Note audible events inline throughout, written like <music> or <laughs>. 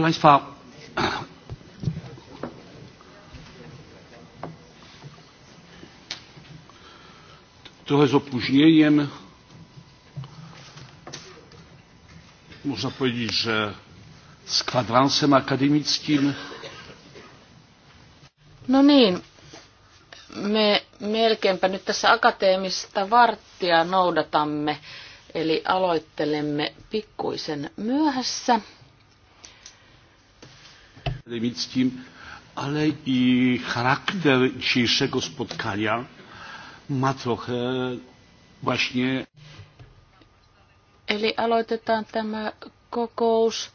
Proszę Państwa, trochę z opóźnieniem. Można powiedzieć, że z kwadransem akademickim. No niin, me melkeinpä nyt tässä akateemista varttia noudatamme, eli aloittelemme pikkuisen myöhässä. Lewickim, ale i charakter dzisiejszego spotkania ma trochę właśnie. Eli aloitetaan tämä kokous.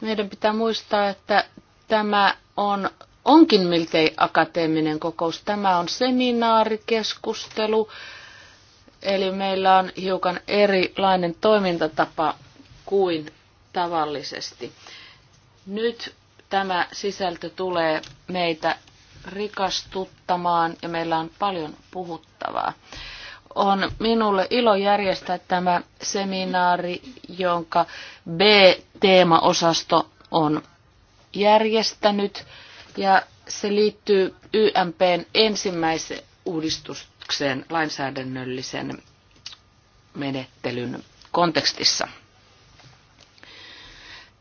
Meidän pitää muistaa, että tämä on, onkin miltei akateeminen kokous. Tämä on seminaarikeskustelu, eli meillä on hiukan erilainen toimintatapa kuin tavallisesti. Nyt Tämä sisältö tulee meitä rikastuttamaan ja meillä on paljon puhuttavaa. On minulle ilo järjestää tämä seminaari, jonka B-teemaosasto on järjestänyt ja se liittyy YMPn ensimmäiseen uudistukseen lainsäädännöllisen menettelyn kontekstissa.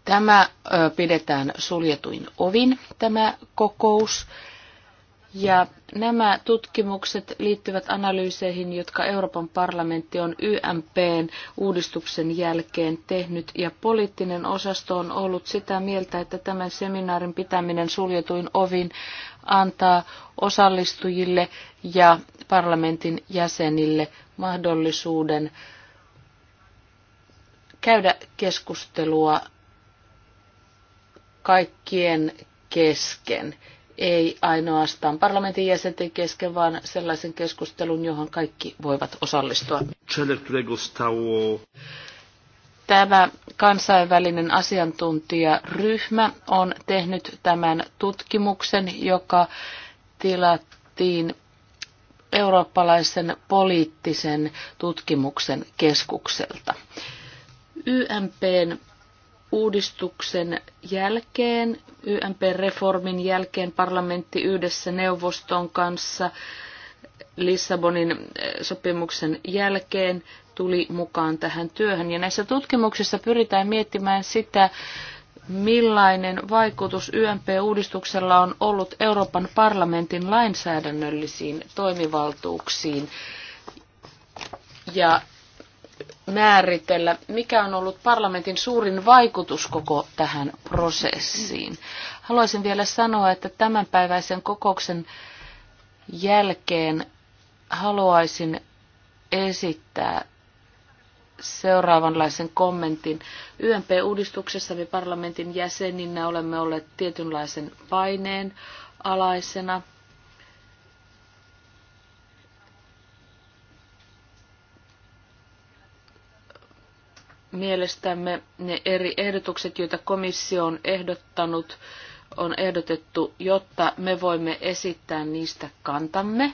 Tämä pidetään suljetuin ovin, tämä kokous. Ja nämä tutkimukset liittyvät analyyseihin, jotka Euroopan parlamentti on YMPn uudistuksen jälkeen tehnyt. Ja poliittinen osasto on ollut sitä mieltä, että tämän seminaarin pitäminen suljetuin ovin antaa osallistujille ja parlamentin jäsenille mahdollisuuden käydä keskustelua kaikkien kesken, ei ainoastaan parlamentin jäsenten kesken, vaan sellaisen keskustelun, johon kaikki voivat osallistua. Tämä kansainvälinen asiantuntijaryhmä on tehnyt tämän tutkimuksen, joka tilattiin eurooppalaisen poliittisen tutkimuksen keskukselta. YMPn uudistuksen jälkeen, YMP-reformin jälkeen parlamentti yhdessä neuvoston kanssa Lissabonin eh, sopimuksen jälkeen tuli mukaan tähän työhön. Ja näissä tutkimuksissa pyritään miettimään sitä, millainen vaikutus YMP-uudistuksella on ollut Euroopan parlamentin lainsäädännöllisiin toimivaltuuksiin. Ja määritellä, mikä on ollut parlamentin suurin vaikutus koko tähän prosessiin. Haluaisin vielä sanoa, että tämänpäiväisen kokouksen jälkeen haluaisin esittää seuraavanlaisen kommentin. YMP-uudistuksessa me parlamentin jäseninä olemme olleet tietynlaisen paineen alaisena – Mielestämme ne eri ehdotukset, joita komissio on ehdottanut, on ehdotettu, jotta me voimme esittää niistä kantamme.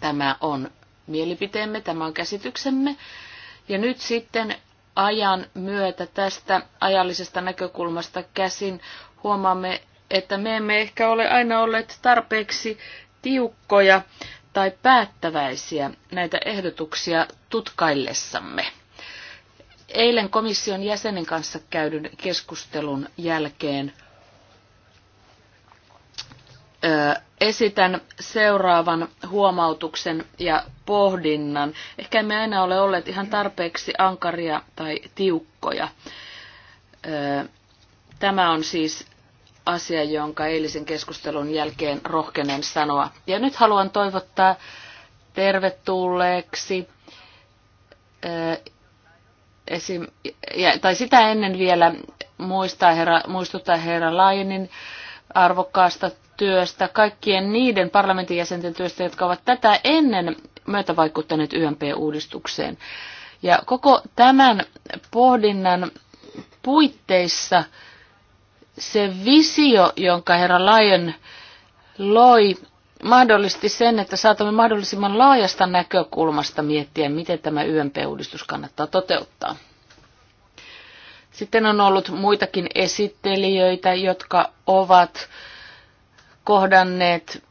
Tämä on mielipiteemme, tämä on käsityksemme. Ja nyt sitten ajan myötä tästä ajallisesta näkökulmasta käsin huomaamme, että me emme ehkä ole aina olleet tarpeeksi tiukkoja tai päättäväisiä näitä ehdotuksia tutkaillessamme. Eilen komission jäsenen kanssa käydyn keskustelun jälkeen esitän seuraavan huomautuksen ja pohdinnan. Ehkä emme aina ole olleet ihan tarpeeksi ankaria tai tiukkoja. Tämä on siis asia, jonka eilisen keskustelun jälkeen rohkenen sanoa. Ja nyt haluan toivottaa tervetulleeksi esim, ja, tai sitä ennen vielä muistaa herra, muistuttaa herra Lainin arvokkaasta työstä, kaikkien niiden parlamentin jäsenten työstä, jotka ovat tätä ennen vaikuttaneet YMP-uudistukseen. Ja koko tämän pohdinnan puitteissa se visio, jonka herra Lion loi, mahdollisti sen, että saatamme mahdollisimman laajasta näkökulmasta miettiä, miten tämä YMP-uudistus kannattaa toteuttaa. Sitten on ollut muitakin esittelijöitä, jotka ovat kohdanneet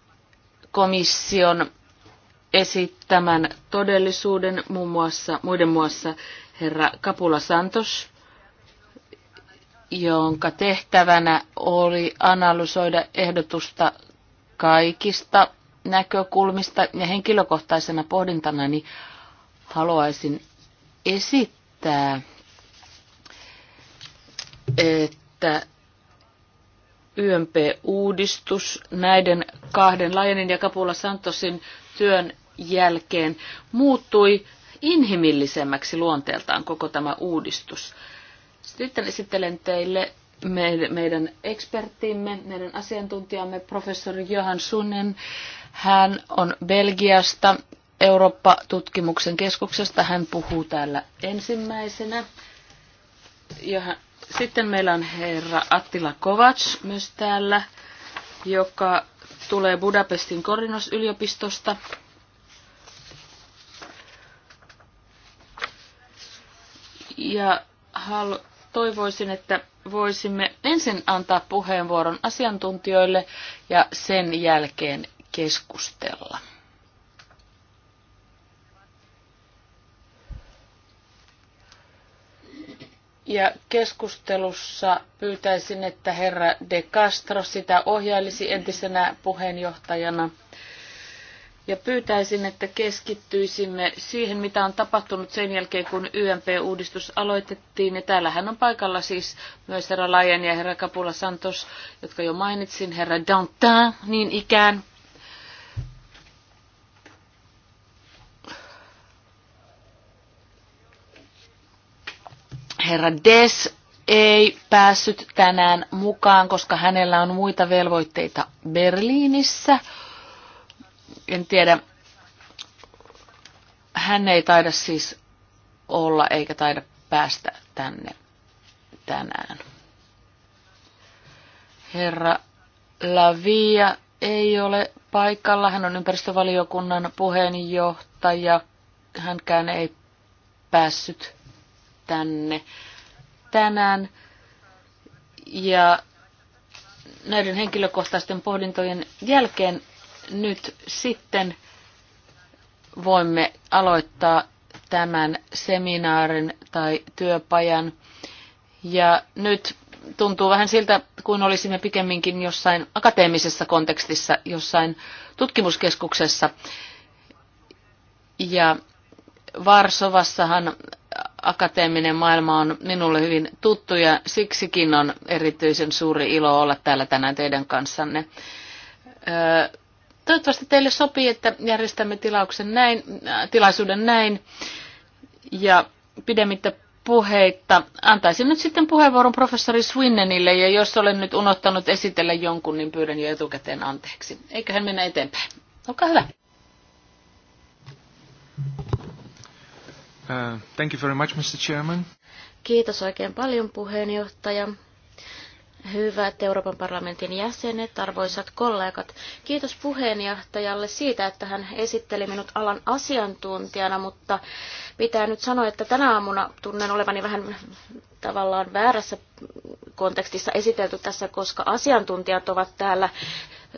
komission esittämän todellisuuden muun muassa, muiden muassa herra Kapula Santos, jonka tehtävänä oli analysoida ehdotusta kaikista näkökulmista ja henkilökohtaisena pohdintana niin haluaisin esittää, että YMP-uudistus näiden kahden Lajenin ja Kapula Santosin työn jälkeen muuttui inhimillisemmäksi luonteeltaan koko tämä uudistus. Sitten esittelen teille meidän ekspertimme, meidän asiantuntijamme, professori Johan Sunnen. Hän on Belgiasta, Eurooppa-tutkimuksen keskuksesta. Hän puhuu täällä ensimmäisenä. Johan, sitten meillä on herra Attila Kovac myös täällä, joka tulee Budapestin Korinos-yliopistosta. Ja halu, toivoisin, että voisimme ensin antaa puheenvuoron asiantuntijoille ja sen jälkeen keskustella. Ja keskustelussa pyytäisin, että herra De Castro sitä ohjailisi entisenä puheenjohtajana – ja pyytäisin, että keskittyisimme siihen, mitä on tapahtunut sen jälkeen, kun YMP-uudistus aloitettiin. Ja täällähän on paikalla siis myös herra Lajen ja herra Kapula Santos, jotka jo mainitsin, herra Dantin niin ikään. Herra Des ei päässyt tänään mukaan, koska hänellä on muita velvoitteita Berliinissä en tiedä, hän ei taida siis olla eikä taida päästä tänne tänään. Herra Lavia ei ole paikalla. Hän on ympäristövaliokunnan puheenjohtaja. Hänkään ei päässyt tänne tänään. Ja näiden henkilökohtaisten pohdintojen jälkeen nyt sitten voimme aloittaa tämän seminaarin tai työpajan. Ja nyt tuntuu vähän siltä, kuin olisimme pikemminkin jossain akateemisessa kontekstissa, jossain tutkimuskeskuksessa. Ja Varsovassahan akateeminen maailma on minulle hyvin tuttu ja siksikin on erityisen suuri ilo olla täällä tänään teidän kanssanne. Toivottavasti teille sopii, että järjestämme tilauksen näin, äh, tilaisuuden näin. Ja pidemmittä puheitta. Antaisin nyt sitten puheenvuoron professori Swinnenille, ja jos olen nyt unohtanut esitellä jonkun, niin pyydän jo etukäteen anteeksi. Eiköhän mennä eteenpäin. Olkaa hyvä. Uh, thank you very much, Mr. Chairman. Kiitos oikein paljon puheenjohtaja. Hyvät Euroopan parlamentin jäsenet, arvoisat kollegat, kiitos puheenjohtajalle siitä, että hän esitteli minut alan asiantuntijana, mutta pitää nyt sanoa, että tänä aamuna tunnen olevani vähän tavallaan väärässä kontekstissa esitelty tässä, koska asiantuntijat ovat täällä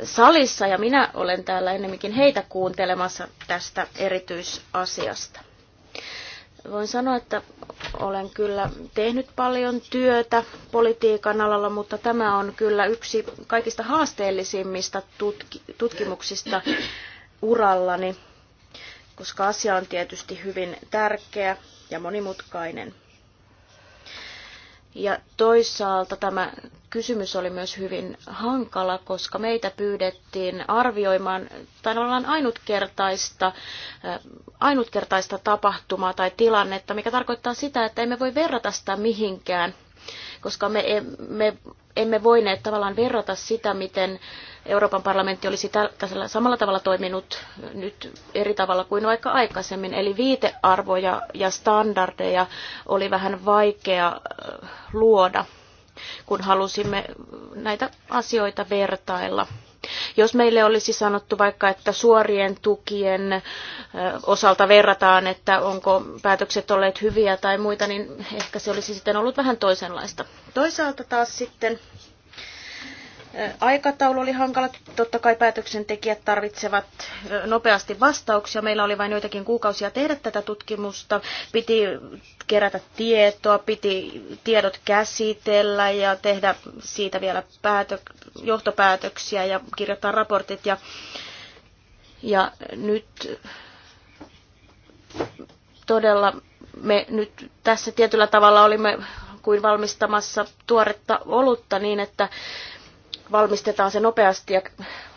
salissa ja minä olen täällä ennemminkin heitä kuuntelemassa tästä erityisasiasta. Voin sanoa, että olen kyllä tehnyt paljon työtä politiikan alalla, mutta tämä on kyllä yksi kaikista haasteellisimmista tutki- tutkimuksista urallani, koska asia on tietysti hyvin tärkeä ja monimutkainen. Ja toisaalta tämä kysymys oli myös hyvin hankala, koska meitä pyydettiin arvioimaan tavallaan ainutkertaista, äh, ainutkertaista tapahtumaa tai tilannetta, mikä tarkoittaa sitä, että emme voi verrata sitä mihinkään koska me, me emme voineet tavallaan verrata sitä, miten Euroopan parlamentti olisi tällä samalla tavalla toiminut nyt eri tavalla kuin vaikka aikaisemmin. Eli viitearvoja ja standardeja oli vähän vaikea luoda, kun halusimme näitä asioita vertailla. Jos meille olisi sanottu vaikka, että suorien tukien osalta verrataan, että onko päätökset olleet hyviä tai muita, niin ehkä se olisi sitten ollut vähän toisenlaista. Toisaalta taas sitten Aikataulu oli hankala. Totta kai päätöksentekijät tarvitsevat nopeasti vastauksia. Meillä oli vain joitakin kuukausia tehdä tätä tutkimusta. Piti kerätä tietoa, piti tiedot käsitellä ja tehdä siitä vielä päätök- johtopäätöksiä ja kirjoittaa raportit. Ja, ja nyt todella me nyt tässä tietyllä tavalla olimme kuin valmistamassa tuoretta olutta niin, että valmistetaan se nopeasti ja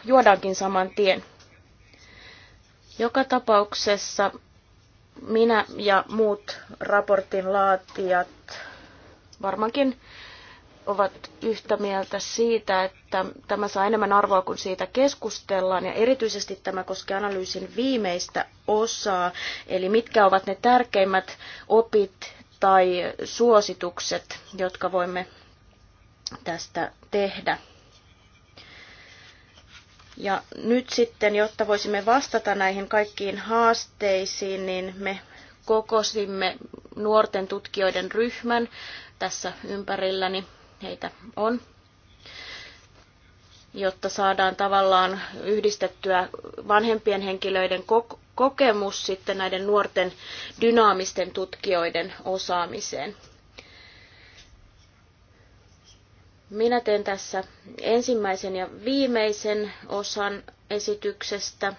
juodaankin saman tien. Joka tapauksessa minä ja muut raportin laatijat varmaankin ovat yhtä mieltä siitä, että tämä saa enemmän arvoa, kun siitä keskustellaan. Ja erityisesti tämä koskee analyysin viimeistä osaa, eli mitkä ovat ne tärkeimmät opit tai suositukset, jotka voimme tästä tehdä. Ja nyt sitten, jotta voisimme vastata näihin kaikkiin haasteisiin, niin me kokosimme nuorten tutkijoiden ryhmän tässä ympärilläni. Heitä on jotta saadaan tavallaan yhdistettyä vanhempien henkilöiden kokemus sitten näiden nuorten dynaamisten tutkijoiden osaamiseen. Minä teen tässä ensimmäisen ja viimeisen osan esityksestä.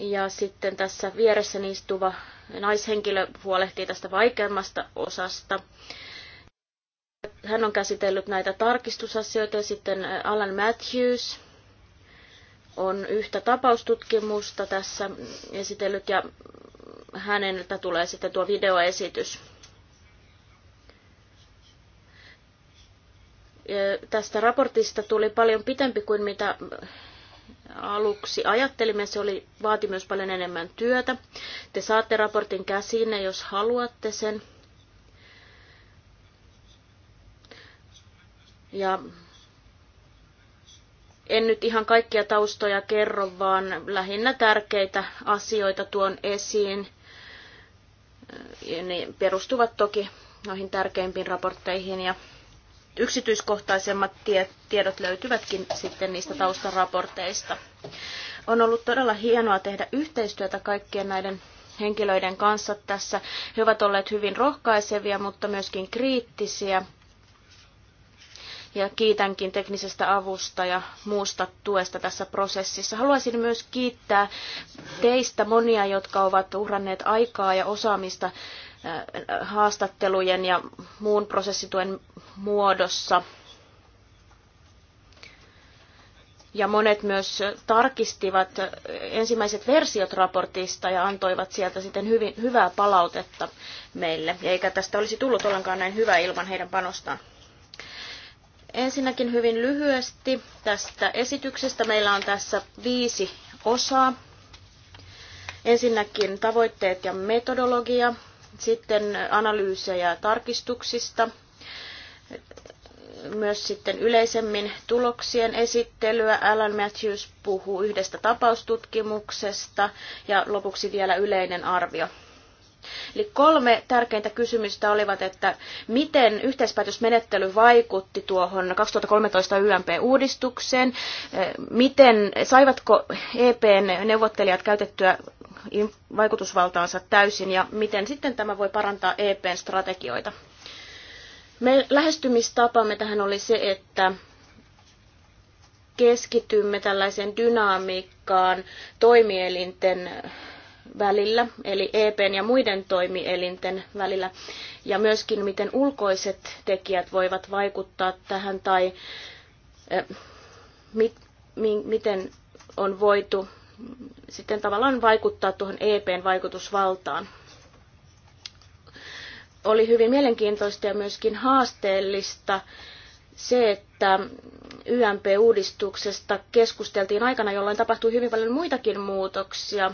Ja sitten tässä vieressä istuva naishenkilö huolehtii tästä vaikeammasta osasta. Hän on käsitellyt näitä tarkistusasioita ja sitten äh, Alan Matthews on yhtä tapaustutkimusta tässä esitellyt ja häneltä tulee sitten tuo videoesitys. Tästä raportista tuli paljon pitempi kuin mitä aluksi ajattelimme. Se oli, vaati myös paljon enemmän työtä. Te saatte raportin käsiinne, jos haluatte sen. Ja en nyt ihan kaikkia taustoja kerro, vaan lähinnä tärkeitä asioita tuon esiin. Ne perustuvat toki noihin tärkeimpiin raportteihin ja yksityiskohtaisemmat tie, tiedot löytyvätkin sitten niistä taustaraporteista. On ollut todella hienoa tehdä yhteistyötä kaikkien näiden henkilöiden kanssa tässä. He ovat olleet hyvin rohkaisevia, mutta myöskin kriittisiä. Ja kiitänkin teknisestä avusta ja muusta tuesta tässä prosessissa. Haluaisin myös kiittää teistä monia, jotka ovat uhranneet aikaa ja osaamista haastattelujen ja muun prosessituen muodossa. Ja monet myös tarkistivat ensimmäiset versiot raportista ja antoivat sieltä sitten hyvin, hyvää palautetta meille. Ja eikä tästä olisi tullut ollenkaan näin hyvä ilman heidän panostaan. Ensinnäkin hyvin lyhyesti tästä esityksestä. Meillä on tässä viisi osaa. Ensinnäkin tavoitteet ja metodologia, sitten analyysejä tarkistuksista, myös sitten yleisemmin tuloksien esittelyä. Alan Matthews puhuu yhdestä tapaustutkimuksesta ja lopuksi vielä yleinen arvio. Eli kolme tärkeintä kysymystä olivat, että miten yhteispäätösmenettely vaikutti tuohon 2013 YMP-uudistukseen, miten saivatko EPn neuvottelijat käytettyä vaikutusvaltaansa täysin ja miten sitten tämä voi parantaa EPn strategioita. Me lähestymistapamme tähän oli se, että keskitymme tällaiseen dynamiikkaan toimielinten välillä, eli EPn ja muiden toimielinten välillä, ja myöskin miten ulkoiset tekijät voivat vaikuttaa tähän tai eh, mit, mi, miten on voitu sitten tavallaan vaikuttaa tuohon EPn vaikutusvaltaan. Oli hyvin mielenkiintoista ja myöskin haasteellista se, että YMP-uudistuksesta keskusteltiin aikana, jolloin tapahtui hyvin paljon muitakin muutoksia.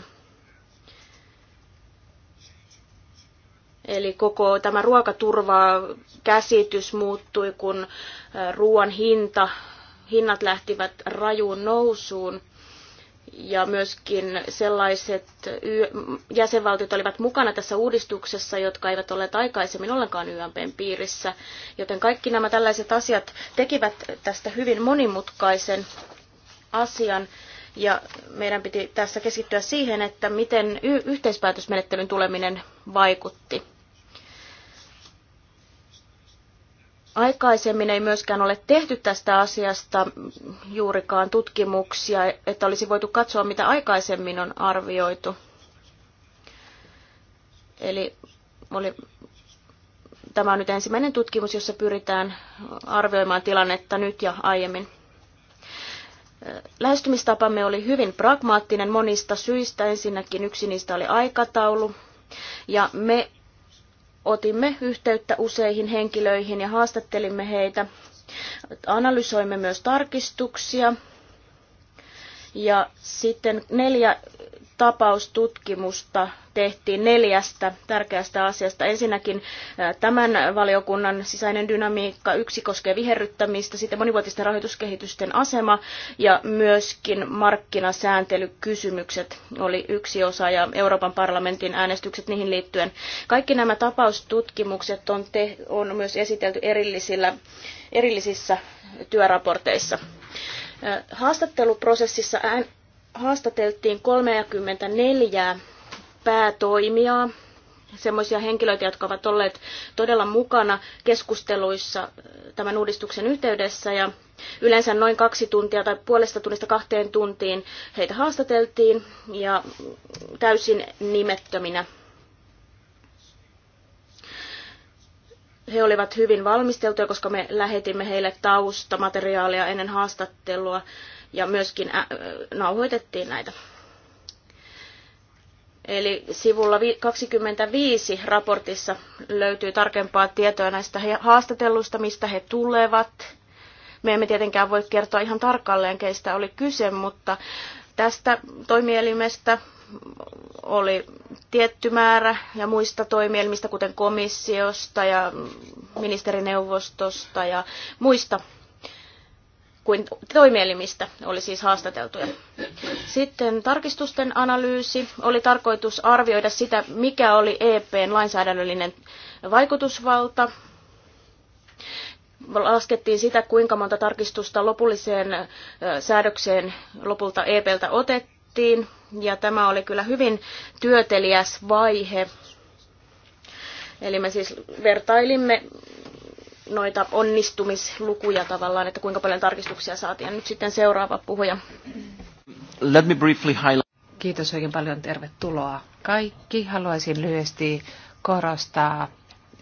Eli koko tämä ruokaturva-käsitys muuttui, kun äh, ruoan hinta, hinnat lähtivät rajuun nousuun – ja myöskin sellaiset jäsenvaltiot olivat mukana tässä uudistuksessa, jotka eivät olleet aikaisemmin ollenkaan YMPn piirissä. Joten kaikki nämä tällaiset asiat tekivät tästä hyvin monimutkaisen asian. Ja meidän piti tässä keskittyä siihen, että miten yhteispäätösmenettelyn tuleminen vaikutti. Aikaisemmin ei myöskään ole tehty tästä asiasta juurikaan tutkimuksia, että olisi voitu katsoa, mitä aikaisemmin on arvioitu. Eli oli, tämä on nyt ensimmäinen tutkimus, jossa pyritään arvioimaan tilannetta nyt ja aiemmin. Lähestymistapamme oli hyvin pragmaattinen monista syistä. Ensinnäkin yksi niistä oli aikataulu. Ja me otimme yhteyttä useihin henkilöihin ja haastattelimme heitä. Analysoimme myös tarkistuksia ja sitten neljä tapaustutkimusta tehtiin neljästä tärkeästä asiasta. Ensinnäkin tämän valiokunnan sisäinen dynamiikka, yksi koskee viherryttämistä, sitten monivuotisten rahoituskehitysten asema ja myöskin markkinasääntelykysymykset oli yksi osa ja Euroopan parlamentin äänestykset niihin liittyen. Kaikki nämä tapaustutkimukset on, te, on myös esitelty erillisillä, erillisissä työraporteissa. Haastatteluprosessissa haastateltiin 34 päätoimijaa, semmoisia henkilöitä, jotka ovat olleet todella mukana keskusteluissa tämän uudistuksen yhteydessä ja yleensä noin kaksi tuntia tai puolesta tunnista kahteen tuntiin heitä haastateltiin ja täysin nimettöminä he olivat hyvin valmisteltuja, koska me lähetimme heille taustamateriaalia ennen haastattelua ja myöskin nauhoitettiin näitä. Eli sivulla 25 raportissa löytyy tarkempaa tietoa näistä haastatelluista, mistä he tulevat. Me emme tietenkään voi kertoa ihan tarkalleen, keistä oli kyse, mutta tästä toimielimestä oli tietty määrä ja muista toimielimistä, kuten komissiosta ja ministerineuvostosta ja muista kuin toimielimistä oli siis haastateltuja. Sitten tarkistusten analyysi oli tarkoitus arvioida sitä, mikä oli EPn lainsäädännöllinen vaikutusvalta. Laskettiin sitä, kuinka monta tarkistusta lopulliseen säädökseen lopulta EPltä otettiin tehtiin ja tämä oli kyllä hyvin työteliäs vaihe. Eli me siis vertailimme noita onnistumislukuja tavallaan, että kuinka paljon tarkistuksia saatiin. Nyt sitten seuraava puhuja. Let me briefly highlight. Kiitos oikein paljon, tervetuloa kaikki. Haluaisin lyhyesti korostaa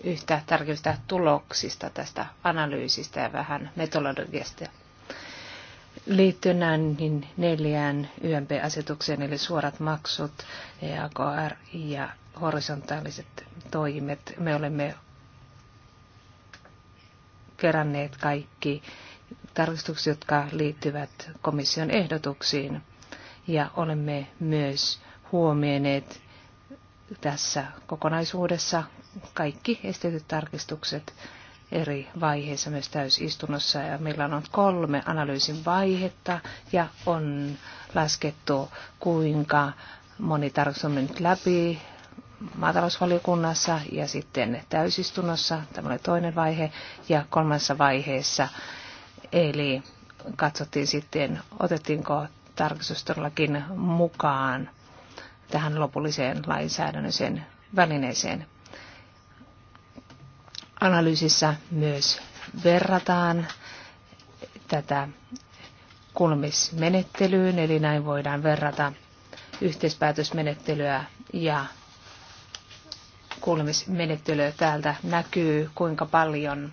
yhtä tärkeistä tuloksista tästä analyysistä ja vähän metodologiasta liittyen näihin niin neljään YMP-asetukseen, eli suorat maksut, eakr ja horisontaaliset toimet. Me olemme keränneet kaikki tarkistukset, jotka liittyvät komission ehdotuksiin. Ja olemme myös huomioineet tässä kokonaisuudessa kaikki esitetyt tarkistukset eri vaiheissa myös täysistunnossa ja meillä on kolme analyysin vaihetta ja on laskettu kuinka moni tarkoitus on mennyt läpi maatalousvaliokunnassa ja sitten täysistunnossa, tämä oli toinen vaihe, ja kolmannessa vaiheessa, eli katsottiin sitten, otettiinko tarkoitus todellakin mukaan tähän lopulliseen lainsäädännölliseen välineeseen. Analyysissä myös verrataan tätä kulmismenettelyyn, eli näin voidaan verrata yhteispäätösmenettelyä ja kulmismenettelyä. Täältä näkyy, kuinka paljon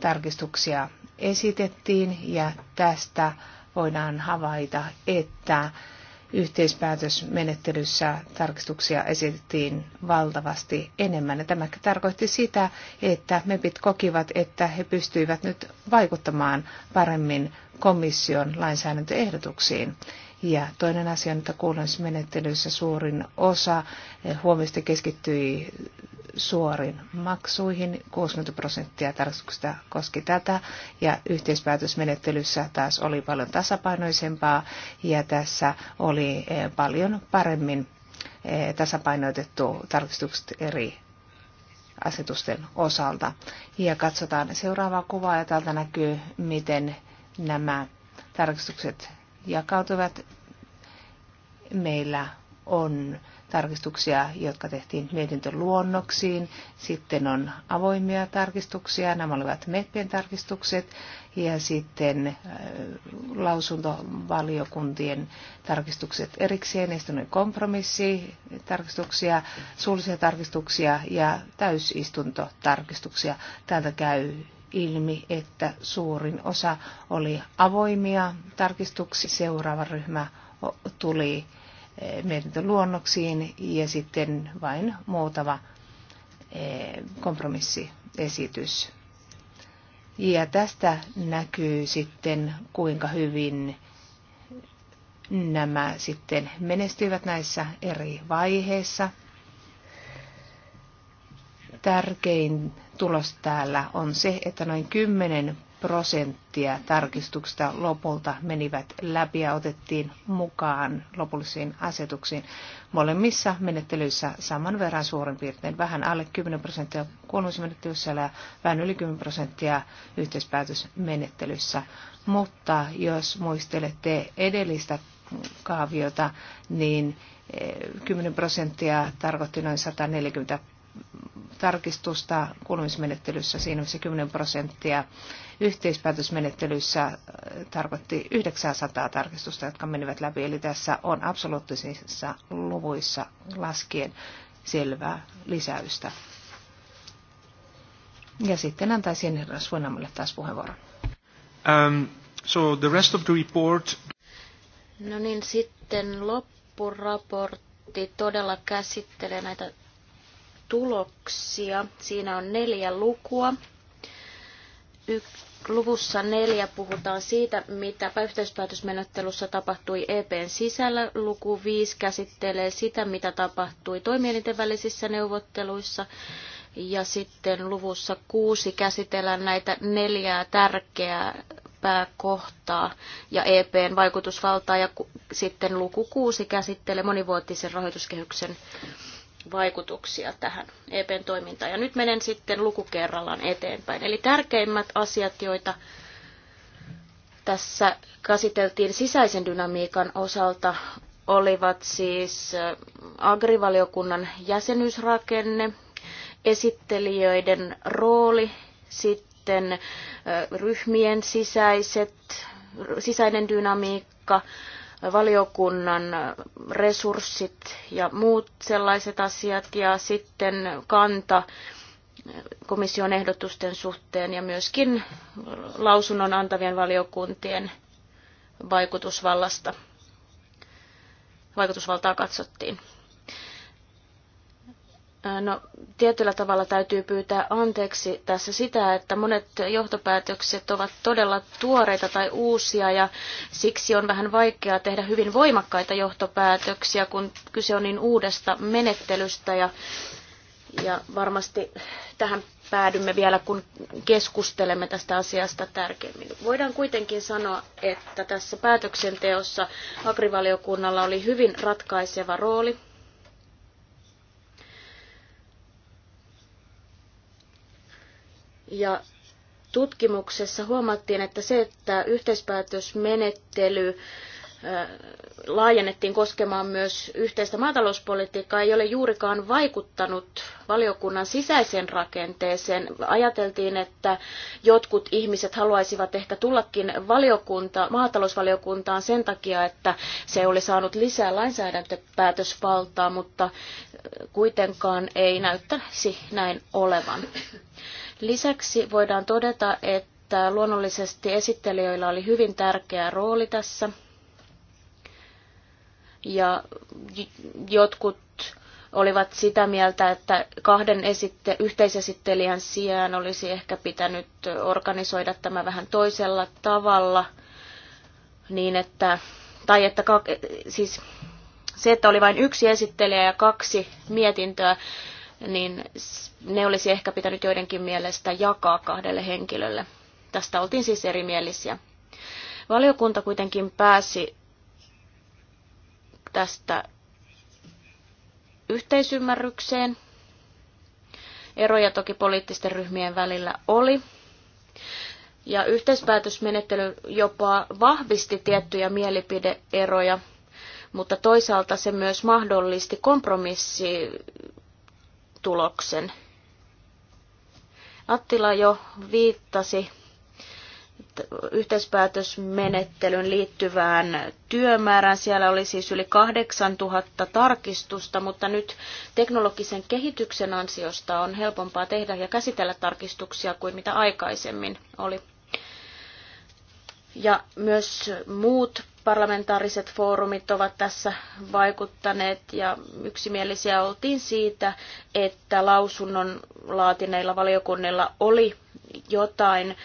tarkistuksia esitettiin ja tästä voidaan havaita, että yhteispäätösmenettelyssä tarkistuksia esitettiin valtavasti enemmän. Ja tämä tarkoitti sitä, että MEPit kokivat, että he pystyivät nyt vaikuttamaan paremmin komission lainsäädäntöehdotuksiin. Ja toinen asia, että kuulemismenettelyssä suurin osa huomista keskittyi suorin maksuihin. 60 prosenttia tarkastuksista koski tätä ja yhteispäätösmenettelyssä taas oli paljon tasapainoisempaa ja tässä oli eh, paljon paremmin eh, tasapainotettu tarkistukset eri asetusten osalta. Ja katsotaan seuraavaa kuvaa ja täältä näkyy, miten nämä tarkistukset jakautuvat. Meillä on tarkistuksia, jotka tehtiin mietintöluonnoksiin. Sitten on avoimia tarkistuksia, nämä olivat MEPPien tarkistukset. Ja sitten äh, lausuntovaliokuntien tarkistukset erikseen, niistä on kompromissitarkistuksia, suullisia tarkistuksia ja täysistuntotarkistuksia. Täältä käy ilmi, että suurin osa oli avoimia tarkistuksia. Seuraava ryhmä tuli mietintöluonnoksiin ja sitten vain muutama e, kompromissiesitys. Ja tästä näkyy sitten, kuinka hyvin nämä sitten menestyivät näissä eri vaiheissa. Tärkein tulos täällä on se, että noin 10 prosenttia tarkistuksista lopulta menivät läpi ja otettiin mukaan lopullisiin asetuksiin. Molemmissa menettelyissä saman verran suurin piirtein vähän alle 10 prosenttia kuulumismenettelyssä ja vähän yli 10 prosenttia yhteispäätösmenettelyssä. Mutta jos muistelette edellistä kaaviota, niin 10 eh, prosenttia tarkoitti noin 140 tarkistusta kuulumismenettelyssä, siinä missä 10 prosenttia yhteispäätösmenettelyssä äh, tarkoitti 900 tarkistusta, jotka menivät läpi. Eli tässä on absoluuttisissa luvuissa laskien selvää lisäystä. Ja sitten antaisin Suunnamalle taas puheenvuoron. Um, so the rest of the report... No niin, sitten loppuraportti todella käsittelee näitä tuloksia. Siinä on neljä lukua. Y- luvussa neljä puhutaan siitä, mitä yhteispäätösmenettelyssä tapahtui EPn sisällä. Luku viisi käsittelee sitä, mitä tapahtui toimielinten välisissä neuvotteluissa. Ja sitten luvussa kuusi käsitellään näitä neljää tärkeää pääkohtaa ja EPn vaikutusvaltaa. Ja sitten luku kuusi käsittelee monivuotisen rahoituskehyksen vaikutuksia tähän EPn toimintaan. Ja nyt menen sitten lukukerrallaan eteenpäin. Eli tärkeimmät asiat, joita tässä käsiteltiin sisäisen dynamiikan osalta, olivat siis äh, agrivaliokunnan jäsenyysrakenne, esittelijöiden rooli, sitten äh, ryhmien sisäiset, sisäinen dynamiikka, valiokunnan resurssit ja muut sellaiset asiat ja sitten kanta komission ehdotusten suhteen ja myöskin lausunnon antavien valiokuntien vaikutusvallasta, vaikutusvaltaa katsottiin. No, tietyllä tavalla täytyy pyytää anteeksi tässä sitä, että monet johtopäätökset ovat todella tuoreita tai uusia ja siksi on vähän vaikeaa tehdä hyvin voimakkaita johtopäätöksiä, kun kyse on niin uudesta menettelystä ja, ja varmasti tähän päädymme vielä, kun keskustelemme tästä asiasta tärkeämmin. Voidaan kuitenkin sanoa, että tässä päätöksenteossa agrivaliokunnalla oli hyvin ratkaiseva rooli Ja tutkimuksessa huomattiin, että se, että yhteispäätösmenettely laajennettiin koskemaan myös yhteistä maatalouspolitiikkaa, ei ole juurikaan vaikuttanut valiokunnan sisäiseen rakenteeseen. Ajateltiin, että jotkut ihmiset haluaisivat ehkä tullakin valiokunta, maatalousvaliokuntaan sen takia, että se oli saanut lisää lainsäädäntöpäätösvaltaa, mutta kuitenkaan ei näyttäisi näin olevan. Lisäksi voidaan todeta, että luonnollisesti esittelijöillä oli hyvin tärkeä rooli tässä. Ja jotkut olivat sitä mieltä, että kahden esitte- yhteisesittelijän sijaan olisi ehkä pitänyt organisoida tämä vähän toisella tavalla, niin että, tai että siis se, että oli vain yksi esittelijä ja kaksi mietintöä, niin ne olisi ehkä pitänyt joidenkin mielestä jakaa kahdelle henkilölle. Tästä oltiin siis erimielisiä. Valiokunta kuitenkin pääsi tästä yhteisymmärrykseen. Eroja toki poliittisten ryhmien välillä oli. Ja yhteispäätösmenettely jopa vahvisti tiettyjä mielipideeroja, mutta toisaalta se myös mahdollisti kompromissi tuloksen. Attila jo viittasi yhteispäätösmenettelyn liittyvään työmäärään. Siellä oli siis yli 8000 tarkistusta, mutta nyt teknologisen kehityksen ansiosta on helpompaa tehdä ja käsitellä tarkistuksia kuin mitä aikaisemmin oli. Ja myös muut parlamentaariset foorumit ovat tässä vaikuttaneet ja yksimielisiä oltiin siitä, että lausunnon laatineilla valiokunnilla oli jotain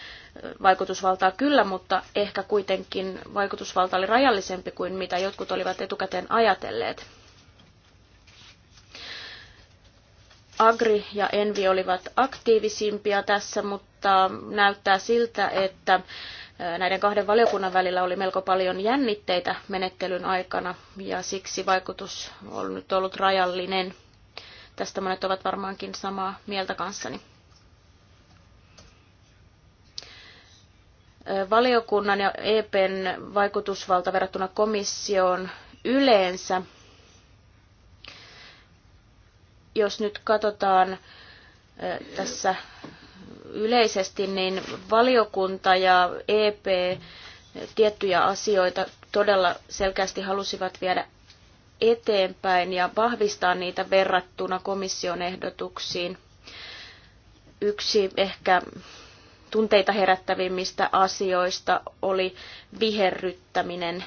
vaikutusvaltaa kyllä, mutta ehkä kuitenkin vaikutusvalta oli rajallisempi kuin mitä jotkut olivat etukäteen ajatelleet. Agri ja Envi olivat aktiivisimpia tässä, mutta näyttää siltä, että näiden kahden valiokunnan välillä oli melko paljon jännitteitä menettelyn aikana ja siksi vaikutus on nyt ollut rajallinen. Tästä monet ovat varmaankin samaa mieltä kanssani. Valiokunnan ja EPn vaikutusvalta verrattuna komissioon yleensä, jos nyt katsotaan tässä yleisesti, niin valiokunta ja EP tiettyjä asioita todella selkeästi halusivat viedä eteenpäin ja vahvistaa niitä verrattuna komission ehdotuksiin. Yksi ehkä tunteita herättävimmistä asioista oli viherryttäminen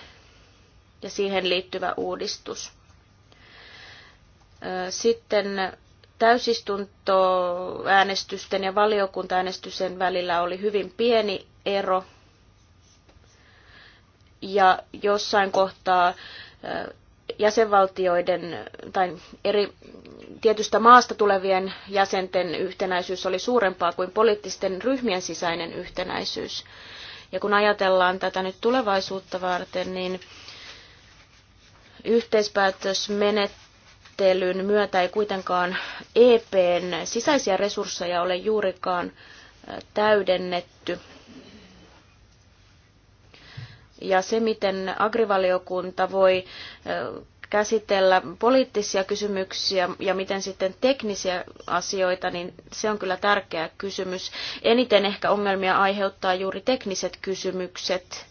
ja siihen liittyvä uudistus. Sitten täysistuntoäänestysten ja valiokuntaäänestysten välillä oli hyvin pieni ero. Ja jossain kohtaa jäsenvaltioiden tai eri tietystä maasta tulevien jäsenten yhtenäisyys oli suurempaa kuin poliittisten ryhmien sisäinen yhtenäisyys. Ja kun ajatellaan tätä nyt tulevaisuutta varten, niin yhteispäätösmenettely menettelyn myötä ei kuitenkaan EPn sisäisiä resursseja ole juurikaan täydennetty. Ja se, miten agrivaliokunta voi käsitellä poliittisia kysymyksiä ja miten sitten teknisiä asioita, niin se on kyllä tärkeä kysymys. Eniten ehkä ongelmia aiheuttaa juuri tekniset kysymykset.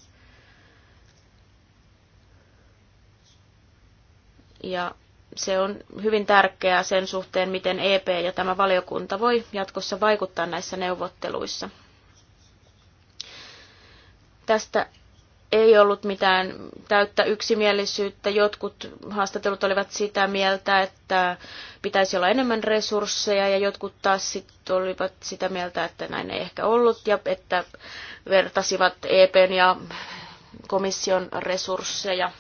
Ja se on hyvin tärkeää sen suhteen, miten EP ja tämä valiokunta voi jatkossa vaikuttaa näissä neuvotteluissa. Tästä ei ollut mitään täyttä yksimielisyyttä. Jotkut haastattelut olivat sitä mieltä, että pitäisi olla enemmän resursseja ja jotkut taas sit olivat sitä mieltä, että näin ei ehkä ollut ja että vertasivat EPn ja komission resursseja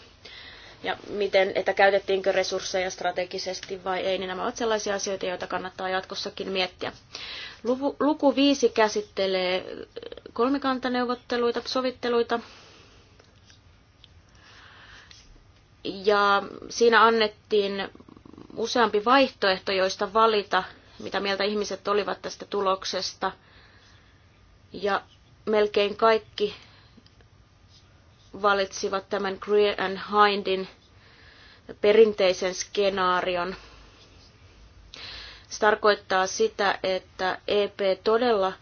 ja miten, että käytettiinkö resursseja strategisesti vai ei, niin nämä ovat sellaisia asioita, joita kannattaa jatkossakin miettiä. Luku, luku 5 käsittelee kolmikantaneuvotteluita, sovitteluita, ja siinä annettiin useampi vaihtoehto, joista valita, mitä mieltä ihmiset olivat tästä tuloksesta. Ja melkein kaikki valitsivat tämän Greer and Hindin perinteisen skenaarion. Se tarkoittaa sitä, että EP todella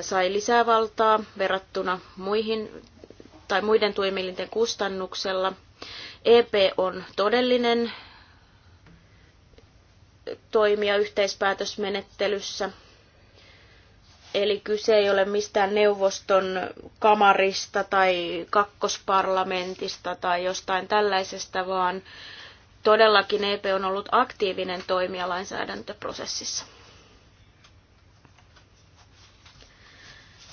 sai lisää valtaa verrattuna muihin tai muiden toimielinten kustannuksella. EP on todellinen toimija yhteispäätösmenettelyssä – Eli kyse ei ole mistään neuvoston kamarista tai kakkosparlamentista tai jostain tällaisesta, vaan todellakin EP on ollut aktiivinen toimija lainsäädäntöprosessissa.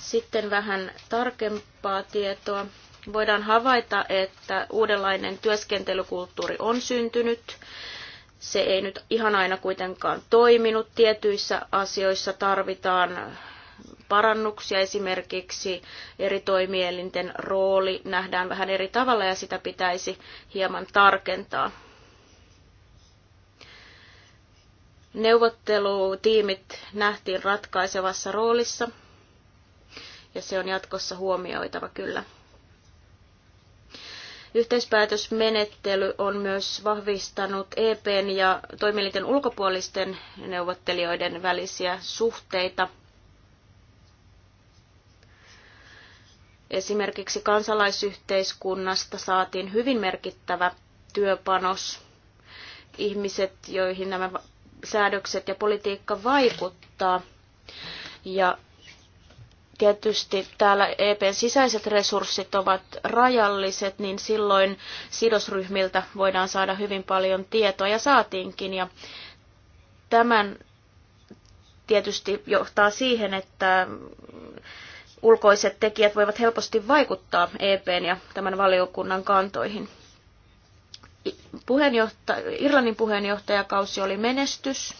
Sitten vähän tarkempaa tietoa. Voidaan havaita, että uudenlainen työskentelykulttuuri on syntynyt. Se ei nyt ihan aina kuitenkaan toiminut. Tietyissä asioissa tarvitaan parannuksia, esimerkiksi eri toimielinten rooli nähdään vähän eri tavalla ja sitä pitäisi hieman tarkentaa. Neuvottelutiimit nähtiin ratkaisevassa roolissa ja se on jatkossa huomioitava kyllä. Yhteispäätösmenettely on myös vahvistanut EPn ja toimielinten ulkopuolisten neuvottelijoiden välisiä suhteita – Esimerkiksi kansalaisyhteiskunnasta saatiin hyvin merkittävä työpanos. Ihmiset, joihin nämä säädökset ja politiikka vaikuttaa. Ja tietysti täällä EPn sisäiset resurssit ovat rajalliset, niin silloin sidosryhmiltä voidaan saada hyvin paljon tietoa ja saatiinkin. Ja tämän tietysti johtaa siihen, että ulkoiset tekijät voivat helposti vaikuttaa EPn ja tämän valiokunnan kantoihin. Puheenjohta- Irlannin puheenjohtajakausi oli menestys.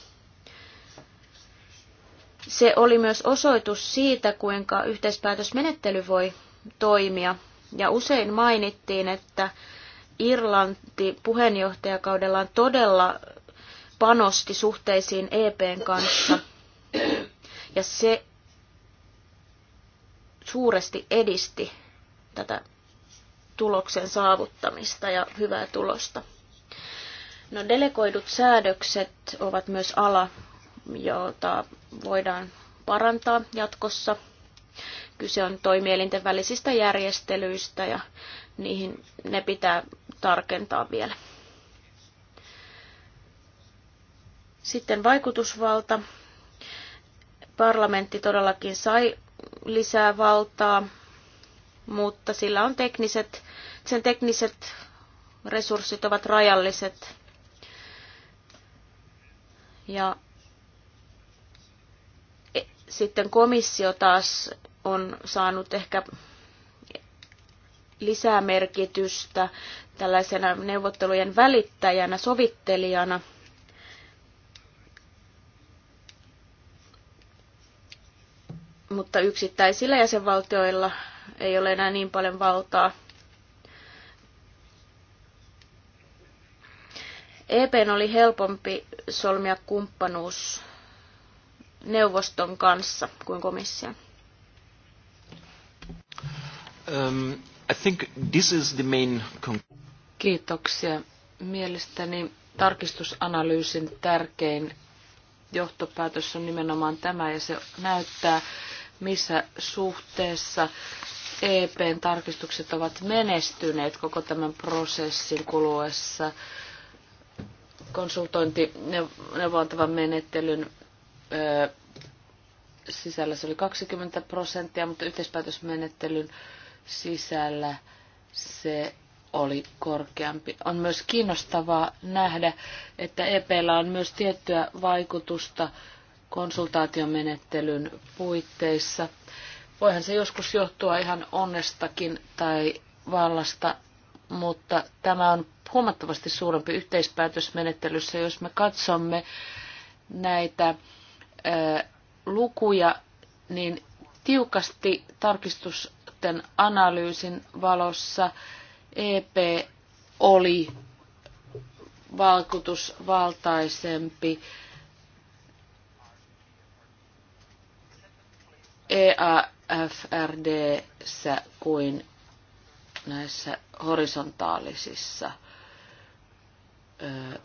Se oli myös osoitus siitä, kuinka yhteispäätösmenettely voi toimia. Ja usein mainittiin, että Irlanti puheenjohtajakaudellaan todella panosti suhteisiin EPn kanssa. Ja se suuresti edisti tätä tuloksen saavuttamista ja hyvää tulosta. No, delegoidut säädökset ovat myös ala, jota voidaan parantaa jatkossa. Kyse on toimielinten välisistä järjestelyistä ja niihin ne pitää tarkentaa vielä. Sitten vaikutusvalta. Parlamentti todellakin sai lisää valtaa, mutta sillä on tekniset, sen tekniset resurssit ovat rajalliset. Ja e, sitten komissio taas on saanut ehkä lisää merkitystä tällaisena neuvottelujen välittäjänä, sovittelijana – mutta yksittäisillä jäsenvaltioilla ei ole enää niin paljon valtaa. EPn oli helpompi solmia kumppanuus neuvoston kanssa kuin komissio. Um, I think this is the main Kiitoksia. Mielestäni tarkistusanalyysin tärkein johtopäätös on nimenomaan tämä, ja se näyttää, missä suhteessa EPn tarkistukset ovat menestyneet koko tämän prosessin kuluessa konsultointineuvontavan menettelyn ö, sisällä se oli 20 prosenttia, mutta yhteispäätösmenettelyn sisällä se oli korkeampi. On myös kiinnostavaa nähdä, että EPllä on myös tiettyä vaikutusta konsultaatiomenettelyn puitteissa. Voihan se joskus johtua ihan onnestakin tai vallasta, mutta tämä on huomattavasti suurempi yhteispäätösmenettelyssä, jos me katsomme näitä ää, lukuja, niin tiukasti tarkistusten analyysin valossa EP oli vaikutusvaltaisempi EAFRDssä kuin näissä horisontaalisissa ö,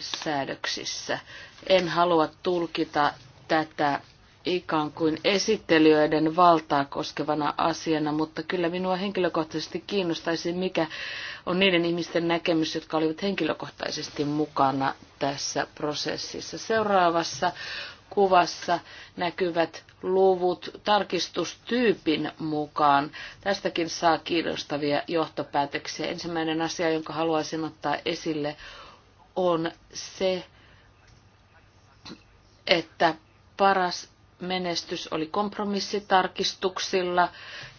säädöksissä. En halua tulkita tätä ikään kuin esittelijöiden valtaa koskevana asiana, mutta kyllä minua henkilökohtaisesti kiinnostaisi, mikä on niiden ihmisten näkemys, jotka olivat henkilökohtaisesti mukana tässä prosessissa. Seuraavassa kuvassa näkyvät luvut tarkistustyypin mukaan. Tästäkin saa kiinnostavia johtopäätöksiä. Ensimmäinen asia, jonka haluaisin ottaa esille, on se, että paras menestys oli kompromissitarkistuksilla.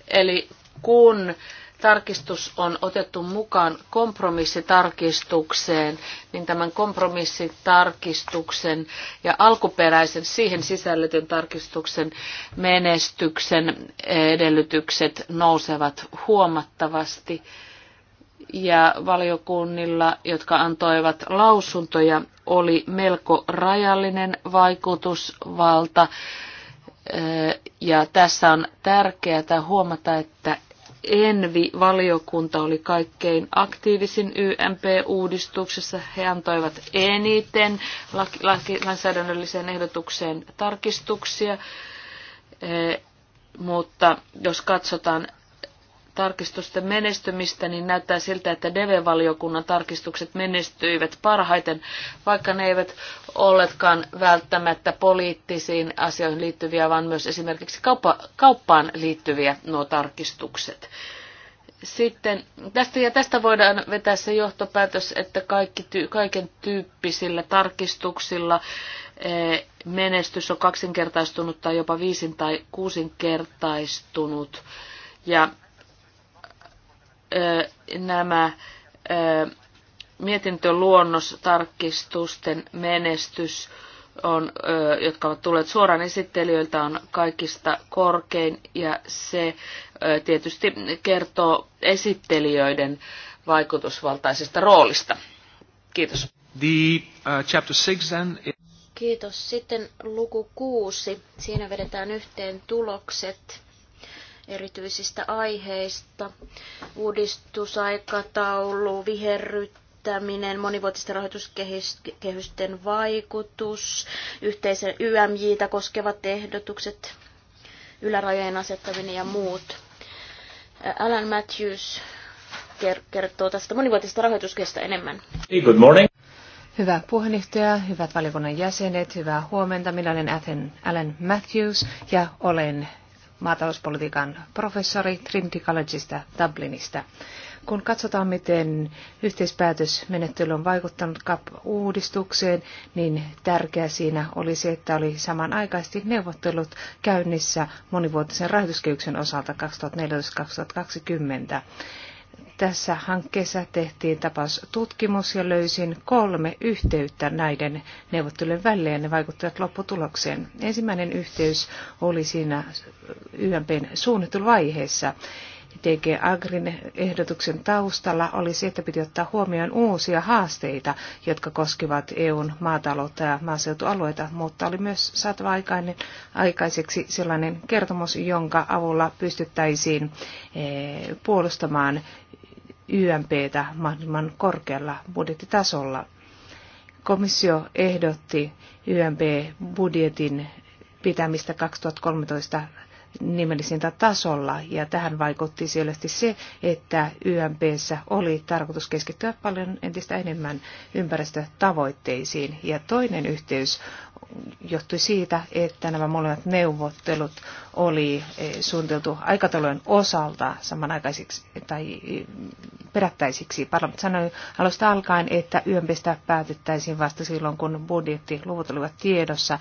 Eli kun tarkistus on otettu mukaan kompromissitarkistukseen, niin tämän kompromissitarkistuksen ja alkuperäisen siihen sisällytyn tarkistuksen menestyksen edellytykset nousevat huomattavasti. Ja valiokunnilla, jotka antoivat lausuntoja, oli melko rajallinen vaikutusvalta. Ja tässä on tärkeää huomata, että Envi-valiokunta oli kaikkein aktiivisin YMP-uudistuksessa. He antoivat eniten lainsäädännölliseen ehdotukseen tarkistuksia, eh, mutta jos katsotaan tarkistusten menestymistä, niin näyttää siltä, että DV-valiokunnan tarkistukset menestyivät parhaiten, vaikka ne eivät olleetkaan välttämättä poliittisiin asioihin liittyviä, vaan myös esimerkiksi kauppa, kauppaan liittyviä nuo tarkistukset. Sitten tästä, ja tästä voidaan vetää se johtopäätös, että kaikki, kaiken tyyppisillä tarkistuksilla e, menestys on kaksinkertaistunut tai jopa viisin tai kuusinkertaistunut. Ja nämä tarkistusten menestys, on, jotka ovat tulleet suoraan esittelijöiltä, on kaikista korkein ja se tietysti kertoo esittelijöiden vaikutusvaltaisesta roolista. Kiitos. The, uh, chapter six then... Kiitos. Sitten luku kuusi. Siinä vedetään yhteen tulokset erityisistä aiheista. Uudistusaikataulu, viherryttäminen, monivuotisten rahoituskehysten vaikutus, yhteisen YMJtä koskevat ehdotukset, ylärajojen asettaminen ja muut. Alan Matthews kertoo tästä monivuotisesta rahoituskehystä enemmän. Hey, good morning. Hyvä puheenjohtaja, hyvät valiokunnan jäsenet, hyvää huomenta. Minä olen Athen Alan Matthews ja olen maatalouspolitiikan professori Trinity Collegeista Dublinista. Kun katsotaan, miten yhteispäätösmenettely on vaikuttanut CAP-uudistukseen, niin tärkeää siinä oli se, että oli samanaikaisesti neuvottelut käynnissä monivuotisen rahoituskehyksen osalta 2014-2020 tässä hankkeessa tehtiin tapaustutkimus ja löysin kolme yhteyttä näiden neuvottelujen välillä ja ne vaikuttivat lopputulokseen. Ensimmäinen yhteys oli siinä YMPn suunnitteluvaiheessa. DG Agrin ehdotuksen taustalla oli se, että piti ottaa huomioon uusia haasteita, jotka koskivat EUn maataloutta ja maaseutualueita, mutta oli myös saatava aikainen, aikaiseksi sellainen kertomus, jonka avulla pystyttäisiin eh, puolustamaan YMPtä mahdollisimman korkealla budjettitasolla. Komissio ehdotti YMP-budjetin pitämistä 2013 nimellisintä tasolla. Ja tähän vaikutti selvästi se, että YMPssä oli tarkoitus keskittyä paljon entistä enemmän ympäristötavoitteisiin. Ja toinen yhteys johtui siitä, että nämä molemmat neuvottelut oli eh, suunniteltu aikataulujen osalta samanaikaisiksi tai eh, perättäisiksi. Parlamentti sanoi alusta alkaen, että YMPstä päätettäisiin vasta silloin, kun budjettiluvut olivat tiedossa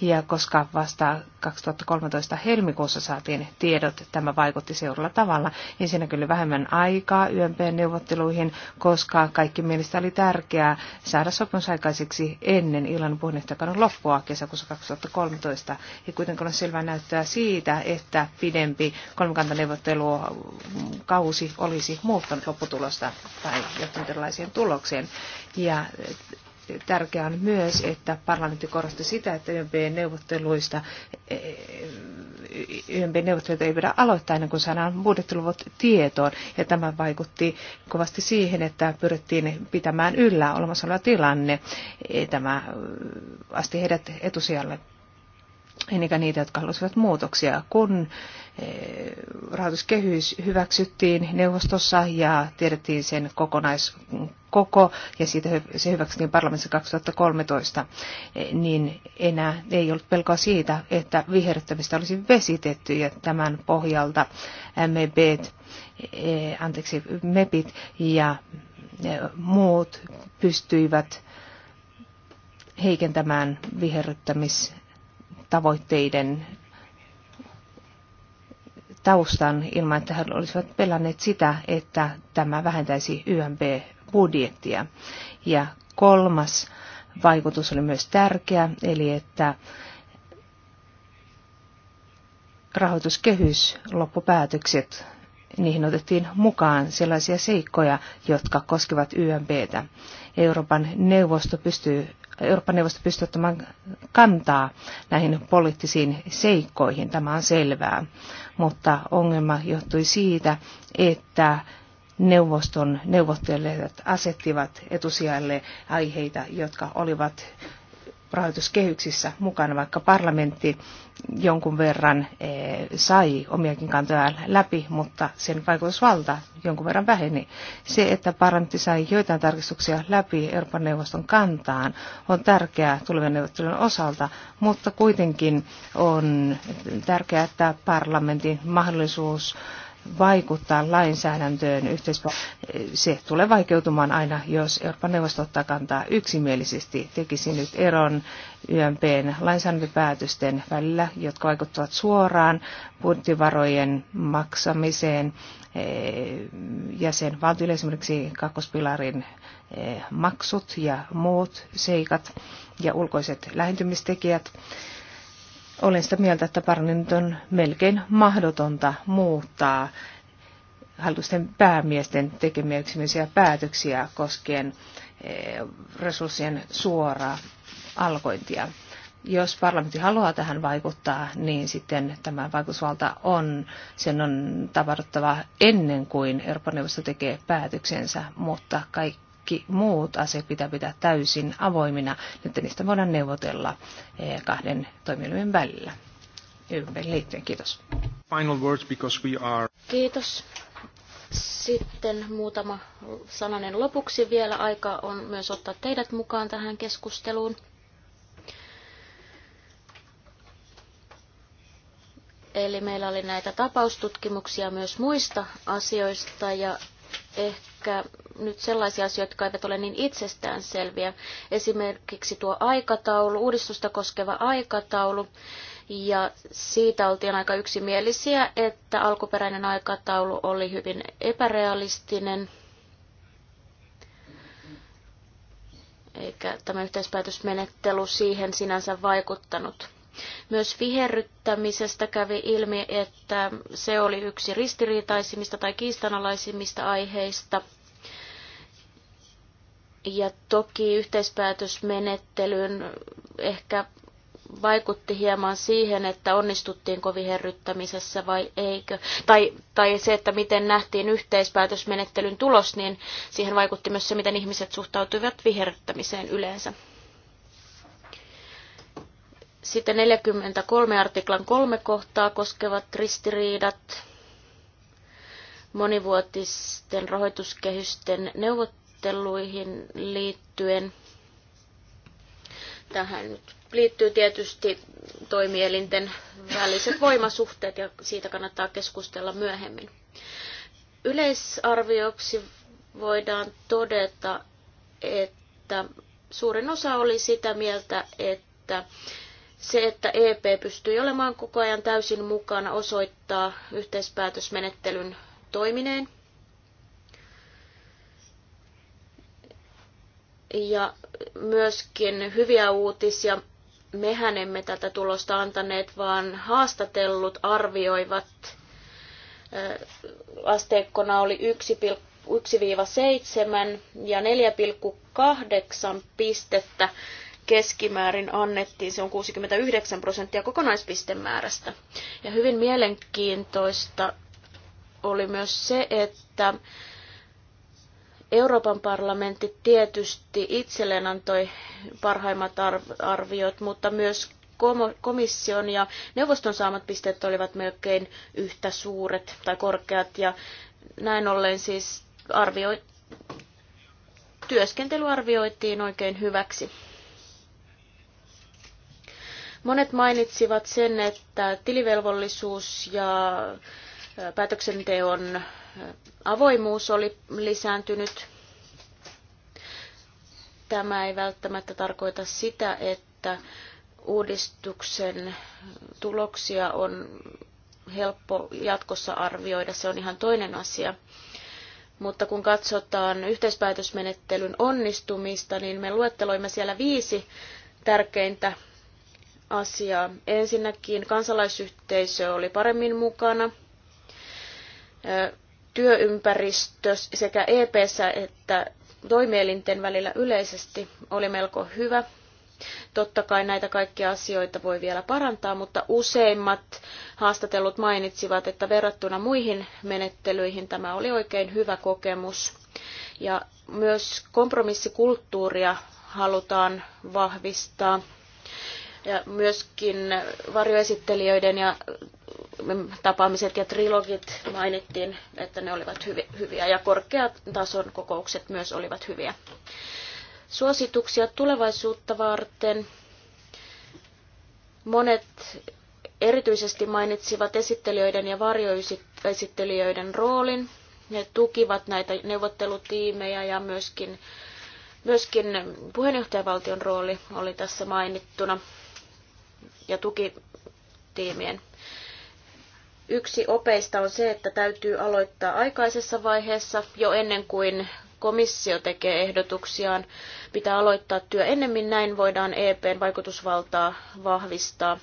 ja koska vasta 2013 helmikuussa saatiin tiedot, tämä vaikutti seuralla tavalla. Ensinnäkin kyllä vähemmän aikaa YMP-neuvotteluihin, koska kaikki mielestä oli tärkeää saada sopimus aikaiseksi ennen illan puheenjohtajakauden loppua kesäkuussa 2013. Ei kuitenkaan ole selvää näyttöä siitä, siitä, että pidempi kolmikantaneuvottelukausi olisi muuttanut lopputulosta tai johtanut erilaisiin tulokseen. Ja tärkeää on myös, että parlamentti korosti sitä, että YMP-neuvotteluista eh, YMP-neuvotteluita ei pidä aloittaa ennen kuin saadaan budjettiluvut tietoon. Ja tämä vaikutti kovasti siihen, että pyrittiin pitämään yllä olemassa oleva tilanne. Tämä eh, asti heidät etusijalle eikä niitä, jotka halusivat muutoksia. Kun eh, rahoituskehys hyväksyttiin neuvostossa ja tiedettiin sen kokonaiskoko ja siitä se hyväksyttiin parlamentissa 2013, eh, niin enää ei ollut pelkoa siitä, että viherryttämistä olisi vesitetty ja tämän pohjalta MEB, eh, anteeksi, MEPit ja muut pystyivät heikentämään viherryttämistä tavoitteiden taustan ilman, että he olisivat pelänneet sitä, että tämä vähentäisi YMP-budjettia. Ja kolmas vaikutus oli myös tärkeä, eli että rahoituskehys, loppupäätökset, niihin otettiin mukaan sellaisia seikkoja, jotka koskevat YMPtä. Euroopan neuvosto pystyy Euroopan neuvosto pysty ottamaan kantaa näihin poliittisiin seikkoihin, tämä on selvää. Mutta ongelma johtui siitä, että neuvoston neuvottelijat asettivat etusijalle aiheita, jotka olivat rahoituskehyksissä mukana, vaikka parlamentti jonkun verran eh, sai omiakin kantojaan läpi, mutta sen vaikutusvalta jonkun verran väheni. Se, että parlamentti sai joitain tarkistuksia läpi Euroopan neuvoston kantaan, on tärkeää tulevien neuvottelujen osalta, mutta kuitenkin on tärkeää, että parlamentin mahdollisuus vaikuttaa lainsäädäntöön Se tulee vaikeutumaan aina, jos Euroopan neuvosto ottaa kantaa yksimielisesti. Tekisi nyt eron YMPn lainsäädäntöpäätösten välillä, jotka vaikuttavat suoraan budjettivarojen maksamiseen ja valtiolle esimerkiksi kakkospilarin maksut ja muut seikat ja ulkoiset lähentymistekijät. Olen sitä mieltä, että parlamentti on melkein mahdotonta muuttaa hallitusten päämiesten tekemiä yksimielisiä päätöksiä koskien eh, resurssien suoraa alkointia. Jos parlamentti haluaa tähän vaikuttaa, niin sitten tämä vaikutusvalta on, sen on tavarattava ennen kuin Euroopan neuvosto tekee päätöksensä, mutta kaikki kaikki muut asiat pitää pitää täysin avoimina, niin että niistä voidaan neuvotella eh, kahden toimielimen välillä. Yhden liittyen, kiitos. Final words because we are... Kiitos. Sitten muutama sananen lopuksi vielä. Aika on myös ottaa teidät mukaan tähän keskusteluun. Eli meillä oli näitä tapaustutkimuksia myös muista asioista ja ehkä nyt sellaisia asioita, jotka eivät ole niin itsestäänselviä. Esimerkiksi tuo aikataulu, uudistusta koskeva aikataulu. Ja siitä oltiin aika yksimielisiä, että alkuperäinen aikataulu oli hyvin epärealistinen. Eikä tämä yhteispäätösmenettely siihen sinänsä vaikuttanut. Myös viherryttämisestä kävi ilmi, että se oli yksi ristiriitaisimmista tai kiistanalaisimmista aiheista. Ja toki yhteispäätösmenettelyn ehkä vaikutti hieman siihen, että onnistuttiinko viherryttämisessä vai eikö. Tai, tai se, että miten nähtiin yhteispäätösmenettelyn tulos, niin siihen vaikutti myös se, miten ihmiset suhtautuivat viherryttämiseen yleensä. Sitten 43 artiklan kolme kohtaa koskevat ristiriidat monivuotisten rahoituskehysten neuvotteluihin liittyen. Tähän nyt liittyy tietysti toimielinten väliset voimasuhteet ja siitä kannattaa keskustella myöhemmin. Yleisarvioksi voidaan todeta, että suurin osa oli sitä mieltä, että se, että EP pystyy olemaan koko ajan täysin mukana, osoittaa yhteispäätösmenettelyn toimineen. Ja myöskin hyviä uutisia. Mehän emme tätä tulosta antaneet, vaan haastatellut arvioivat. Asteikkona oli 1,7 ja 4,8 pistettä keskimäärin annettiin, se on 69 prosenttia kokonaispistemäärästä. Ja hyvin mielenkiintoista oli myös se, että Euroopan parlamentti tietysti itselleen antoi parhaimmat arviot, mutta myös komission ja neuvoston saamat pisteet olivat melkein yhtä suuret tai korkeat. Ja näin ollen siis arvioi, työskentely arvioitiin oikein hyväksi. Monet mainitsivat sen, että tilivelvollisuus ja päätöksenteon avoimuus oli lisääntynyt. Tämä ei välttämättä tarkoita sitä, että uudistuksen tuloksia on helppo jatkossa arvioida, se on ihan toinen asia. Mutta kun katsotaan yhteispäätösmenettelyn onnistumista, niin me luetteloimme siellä viisi tärkeintä asiaa. Ensinnäkin kansalaisyhteisö oli paremmin mukana työympäristö sekä EPssä että toimielinten välillä yleisesti oli melko hyvä. Totta kai näitä kaikkia asioita voi vielä parantaa, mutta useimmat haastatellut mainitsivat, että verrattuna muihin menettelyihin tämä oli oikein hyvä kokemus. Ja myös kompromissikulttuuria halutaan vahvistaa ja myöskin varjoesittelijöiden ja mm, tapaamiset ja trilogit mainittiin, että ne olivat hyviä ja tason kokoukset myös olivat hyviä. Suosituksia tulevaisuutta varten. Monet erityisesti mainitsivat esittelijöiden ja varjoesittelijöiden roolin. Ne tukivat näitä neuvottelutiimejä ja myöskin, myöskin puheenjohtajavaltion rooli oli tässä mainittuna ja tukitiimien. Yksi opeista on se, että täytyy aloittaa aikaisessa vaiheessa jo ennen kuin komissio tekee ehdotuksiaan. Pitää aloittaa työ ennemmin, näin voidaan EPn vaikutusvaltaa vahvistaa.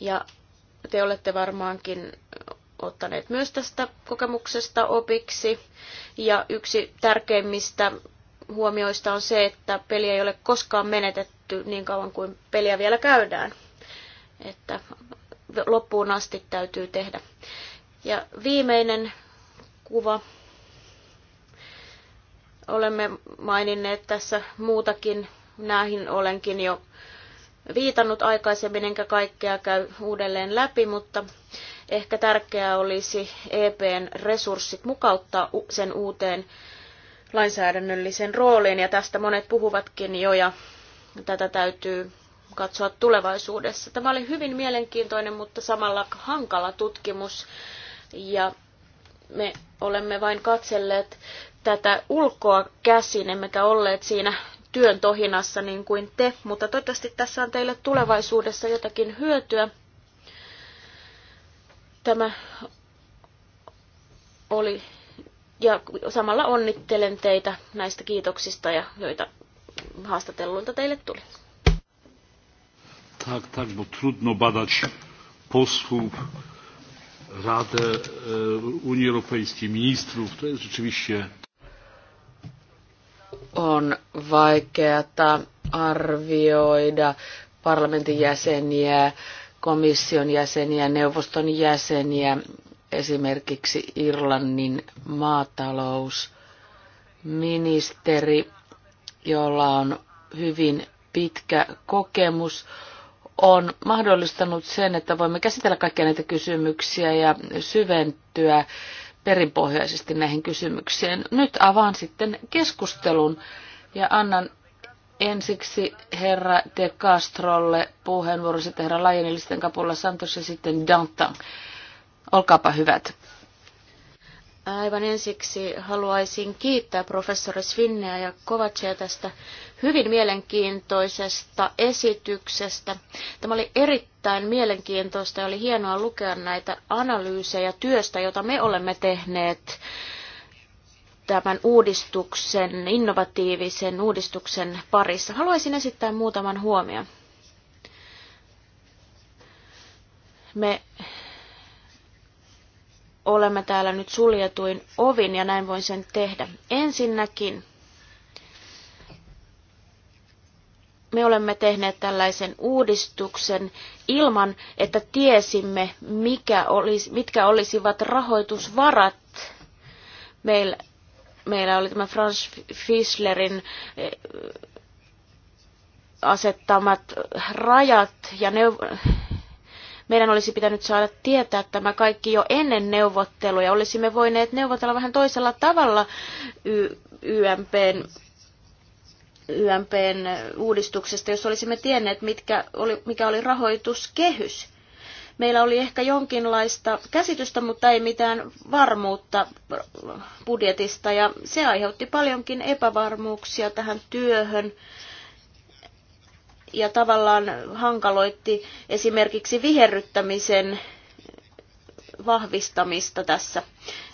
Ja te olette varmaankin ottaneet myös tästä kokemuksesta opiksi. Ja yksi tärkeimmistä huomioista on se, että peli ei ole koskaan menetetty pidetty niin kauan kuin peliä vielä käydään. Että loppuun asti täytyy tehdä. Ja viimeinen kuva. Olemme maininneet tässä muutakin. Näihin olenkin jo viitannut aikaisemmin, enkä kaikkea käy uudelleen läpi, mutta ehkä tärkeää olisi EPn resurssit mukauttaa sen uuteen lainsäädännöllisen rooliin, ja tästä monet puhuvatkin jo, ja tätä täytyy katsoa tulevaisuudessa. Tämä oli hyvin mielenkiintoinen, mutta samalla hankala tutkimus. Ja me olemme vain katselleet tätä ulkoa käsin, emmekä olleet siinä työn tohinassa niin kuin te, mutta toivottavasti tässä on teille tulevaisuudessa jotakin hyötyä. Tämä oli, ja samalla onnittelen teitä näistä kiitoksista, ja joita haastatelluilta teille tuli. Tak, tak, bo trudno badać posłów Radę e, Unii Europejskiej, ministrów. To jest rzeczywiście... On vaikeata arvioida parlamentin jäseniä, komission jäseniä, neuvoston jäseniä, esimerkiksi Irlannin maatalousministeri jolla on hyvin pitkä kokemus, on mahdollistanut sen, että voimme käsitellä kaikkia näitä kysymyksiä ja syventyä perinpohjaisesti näihin kysymyksiin. Nyt avaan sitten keskustelun ja annan ensiksi herra De Castrolle puheenvuoron, sitten herra Lajenilisten kapulla Santos ja sitten Dantan. Olkaapa hyvät. Aivan ensiksi haluaisin kiittää professori Svinneä ja Kovacea tästä hyvin mielenkiintoisesta esityksestä. Tämä oli erittäin mielenkiintoista ja oli hienoa lukea näitä analyysejä työstä, jota me olemme tehneet tämän uudistuksen, innovatiivisen uudistuksen parissa. Haluaisin esittää muutaman huomion. Me olemme täällä nyt suljetuin ovin ja näin voin sen tehdä. Ensinnäkin me olemme tehneet tällaisen uudistuksen ilman, että tiesimme, mikä olisi, mitkä olisivat rahoitusvarat. Meillä, meillä oli tämä Franz Fischlerin eh, asettamat rajat ja ne. Meidän olisi pitänyt saada tietää tämä kaikki jo ennen neuvotteluja. Olisimme voineet neuvotella vähän toisella tavalla y- YMPn YMPn uudistuksesta, jos olisimme tienneet, mitkä oli, mikä oli rahoituskehys. Meillä oli ehkä jonkinlaista käsitystä, mutta ei mitään varmuutta budjetista, ja se aiheutti paljonkin epävarmuuksia tähän työhön ja tavallaan hankaloitti esimerkiksi viherryttämisen vahvistamista tässä,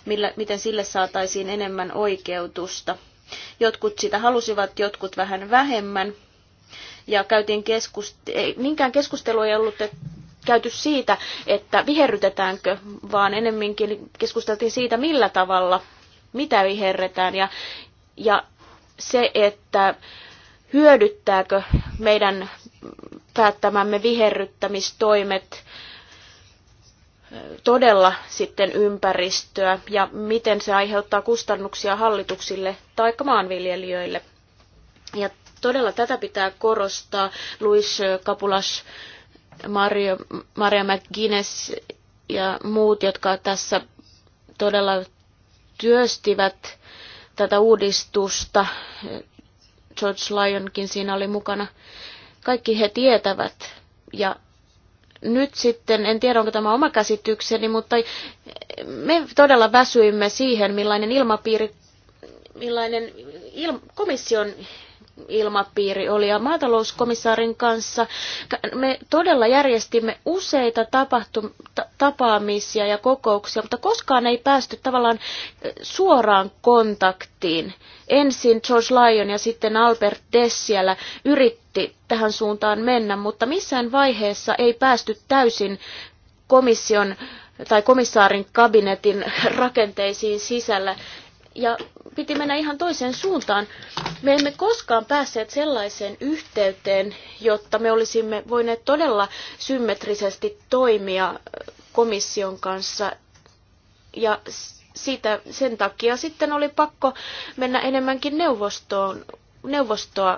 millä, miten sille saataisiin enemmän oikeutusta. Jotkut sitä halusivat, jotkut vähän vähemmän. Ja käytiin keskust- ei, minkään keskustelu ei ollut käyty siitä, että viherrytetäänkö, vaan enemminkin keskusteltiin siitä, millä tavalla, mitä viherretään. Ja, ja se, että hyödyttääkö meidän päättämämme viherryttämistoimet todella sitten ympäristöä ja miten se aiheuttaa kustannuksia hallituksille tai maanviljelijöille. Ja todella tätä pitää korostaa. Luis Kapulas, Mario, Maria McGuinness ja muut, jotka tässä todella työstivät tätä uudistusta George Lyonkin siinä oli mukana. Kaikki he tietävät. Ja nyt sitten, en tiedä onko tämä oma käsitykseni, mutta me todella väsyimme siihen, millainen ilmapiiri, millainen il, komission ilmapiiri oli. Ja maatalouskomissaarin kanssa me todella järjestimme useita tapahtum- ta- tapaamisia ja kokouksia, mutta koskaan ei päästy tavallaan eh, suoraan kontaktiin. Ensin George Lyon ja sitten Albert Dess siellä yritti tähän suuntaan mennä, mutta missään vaiheessa ei päästy täysin komission tai komissaarin kabinetin <laughs> rakenteisiin sisällä. Ja piti mennä ihan toiseen suuntaan. Me emme koskaan päässeet sellaiseen yhteyteen, jotta me olisimme voineet todella symmetrisesti toimia komission kanssa. Ja siitä, sen takia sitten oli pakko mennä enemmänkin neuvostoon, neuvostoa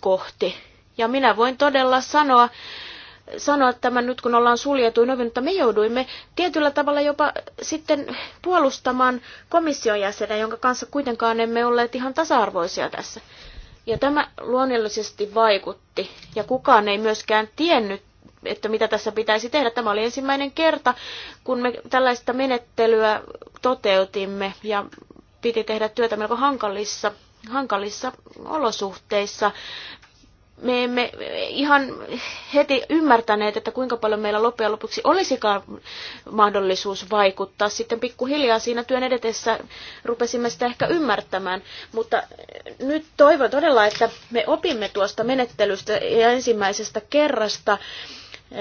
kohti. Ja minä voin todella sanoa, sanoa tämän nyt, kun ollaan suljetuin ovi, mutta me jouduimme tietyllä tavalla jopa sitten puolustamaan komission jäsenä, jonka kanssa kuitenkaan emme olleet ihan tasa-arvoisia tässä. Ja tämä luonnollisesti vaikutti, ja kukaan ei myöskään tiennyt, että mitä tässä pitäisi tehdä. Tämä oli ensimmäinen kerta, kun me tällaista menettelyä toteutimme, ja piti tehdä työtä melko hankalissa hankalissa olosuhteissa me emme ihan heti ymmärtäneet, että kuinka paljon meillä loppujen lopuksi olisikaan mahdollisuus vaikuttaa. Sitten pikkuhiljaa siinä työn edetessä rupesimme sitä ehkä ymmärtämään, mutta nyt toivon todella, että me opimme tuosta menettelystä ja ensimmäisestä kerrasta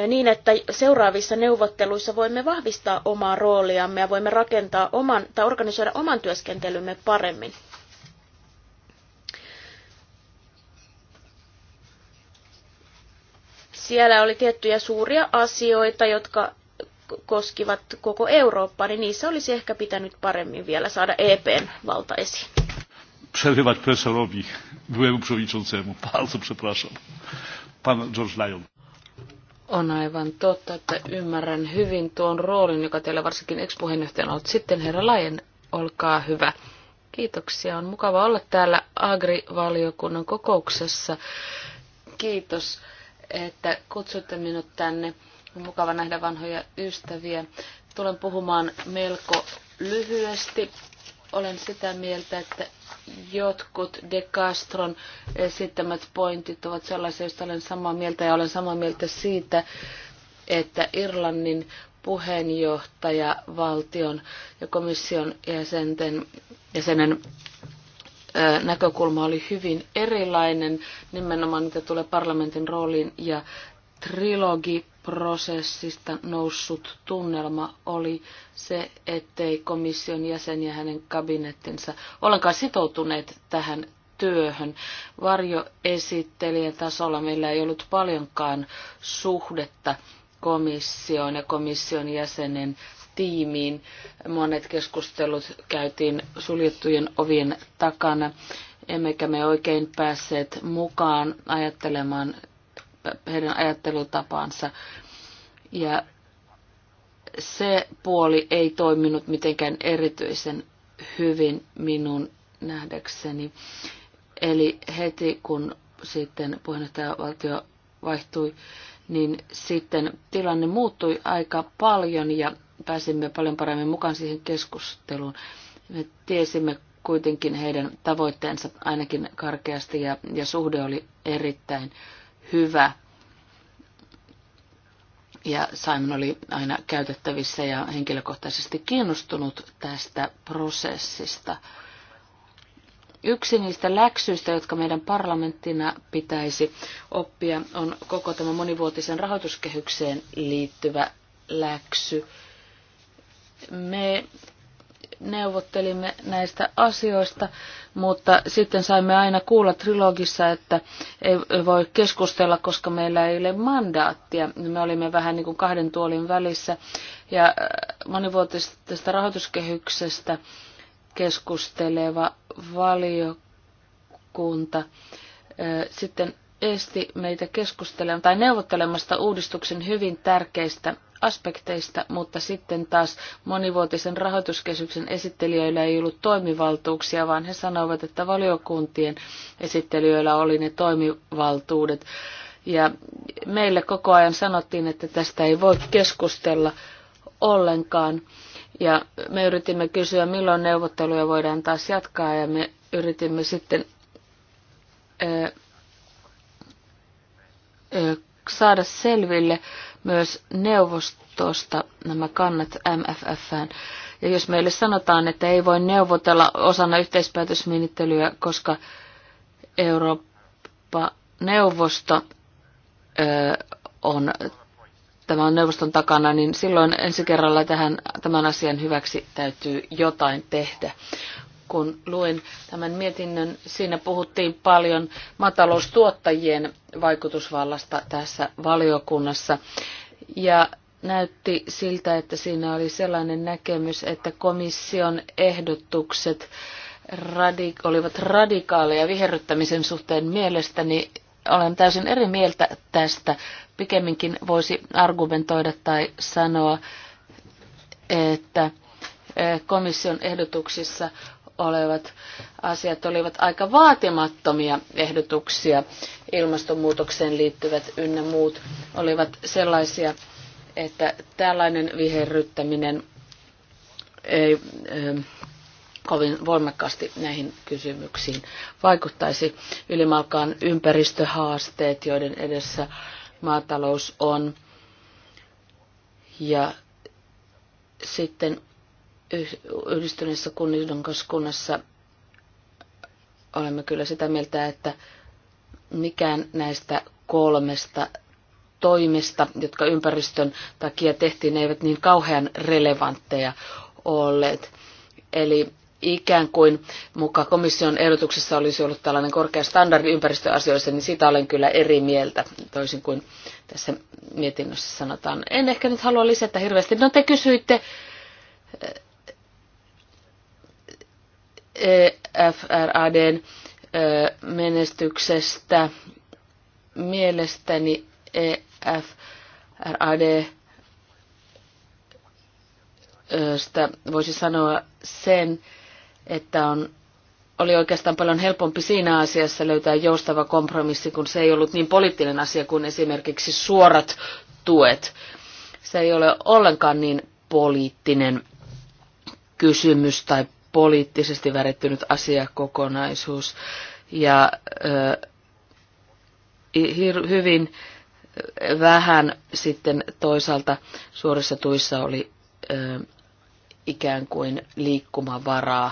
niin, että seuraavissa neuvotteluissa voimme vahvistaa omaa rooliamme ja voimme rakentaa oman, tai organisoida oman työskentelymme paremmin. siellä oli tiettyjä suuria asioita, jotka koskivat koko Eurooppaa, niin niissä olisi ehkä pitänyt paremmin vielä saada EPn valta esiin. Przerywać profesorowi, byłemu przewodniczącemu. Bardzo przepraszam. Pan George Lyon. On aivan totta, että ymmärrän hyvin tuon roolin, joka teillä varsinkin ex-puheenjohtajana on. Sitten herra Lajen, olkaa hyvä. Kiitoksia. On mukava olla täällä Agri-valiokunnan kokouksessa. Kiitos että kutsutte minut tänne. On mukava nähdä vanhoja ystäviä. Tulen puhumaan melko lyhyesti. Olen sitä mieltä, että jotkut De Castron esittämät pointit ovat sellaisia, joista olen samaa mieltä ja olen samaa mieltä siitä, että Irlannin puheenjohtaja valtion ja komission jäsenten, jäsenen näkökulma oli hyvin erilainen, nimenomaan mitä tulee parlamentin rooliin ja trilogiprosessista noussut tunnelma oli se, ettei komission jäsen ja hänen kabinettinsa ollenkaan sitoutuneet tähän työhön. Varjoesittelijän tasolla meillä ei ollut paljonkaan suhdetta komission ja komission jäsenen tiimiin. Monet keskustelut käytiin suljettujen ovien takana, emmekä me oikein päässeet mukaan ajattelemaan heidän ajattelutapaansa. Ja se puoli ei toiminut mitenkään erityisen hyvin minun nähdäkseni. Eli heti kun sitten puheenjohtajavaltio vaihtui, niin sitten tilanne muuttui aika paljon ja pääsimme paljon paremmin mukaan siihen keskusteluun. Me tiesimme kuitenkin heidän tavoitteensa ainakin karkeasti ja, ja suhde oli erittäin hyvä. Ja Simon oli aina käytettävissä ja henkilökohtaisesti kiinnostunut tästä prosessista. Yksi niistä läksyistä, jotka meidän parlamenttina pitäisi oppia, on koko tämä monivuotisen rahoituskehykseen liittyvä läksy. Me neuvottelimme näistä asioista, mutta sitten saimme aina kuulla trilogissa, että ei voi keskustella, koska meillä ei ole mandaattia. Me olimme vähän niin kuin kahden tuolin välissä ja äh, monivuotisesta rahoituskehyksestä keskusteleva valiokunta äh, sitten esti meitä keskustelemaan tai neuvottelemasta uudistuksen hyvin tärkeistä aspekteista, mutta sitten taas monivuotisen rahoituskesyksen esittelijöillä ei ollut toimivaltuuksia, vaan he sanoivat, että valiokuntien esittelijöillä oli ne toimivaltuudet. Ja meille koko ajan sanottiin, että tästä ei voi keskustella ollenkaan. Ja me yritimme kysyä, milloin neuvotteluja voidaan taas jatkaa, ja me yritimme sitten ää, saada selville myös neuvostosta nämä kannat MFFään. Ja jos meille sanotaan, että ei voi neuvotella osana yhteispäätösmenettelyä, koska Eurooppa-neuvosto on tämä on neuvoston takana, niin silloin ensi kerralla tähän, tämän asian hyväksi täytyy jotain tehdä kun luin tämän mietinnön, siinä puhuttiin paljon mataloustuottajien vaikutusvallasta tässä valiokunnassa. Ja näytti siltä, että siinä oli sellainen näkemys, että komission ehdotukset radik- olivat radikaaleja viherryttämisen suhteen mielestäni. Olen täysin eri mieltä tästä. Pikemminkin voisi argumentoida tai sanoa, että eh, komission ehdotuksissa olevat asiat olivat aika vaatimattomia ehdotuksia. Ilmastonmuutokseen liittyvät ynnä muut olivat sellaisia, että tällainen viherryttäminen ei ö, eh, kovin voimakkaasti näihin kysymyksiin vaikuttaisi. Ylimalkaan ympäristöhaasteet, joiden edessä maatalous on. Ja sitten yhdistyneessä kunnioituskunnassa olemme kyllä sitä mieltä, että mikään näistä kolmesta toimista, jotka ympäristön takia tehtiin, eivät niin kauhean relevantteja olleet. Eli ikään kuin muka komission ehdotuksessa olisi ollut tällainen korkea standardi ympäristöasioissa, niin sitä olen kyllä eri mieltä, toisin kuin tässä mietinnössä sanotaan. En ehkä nyt halua lisätä hirveästi. No te kysyitte EFRADn menestyksestä. Mielestäni EFRAD voisi sanoa sen, että on, oli oikeastaan paljon helpompi siinä asiassa löytää joustava kompromissi, kun se ei ollut niin poliittinen asia kuin esimerkiksi suorat tuet. Se ei ole ollenkaan niin poliittinen kysymys tai poliittisesti värittynyt asiakokonaisuus. Ja hyvin vähän sitten toisaalta suorissa tuissa oli ikään kuin liikkumavaraa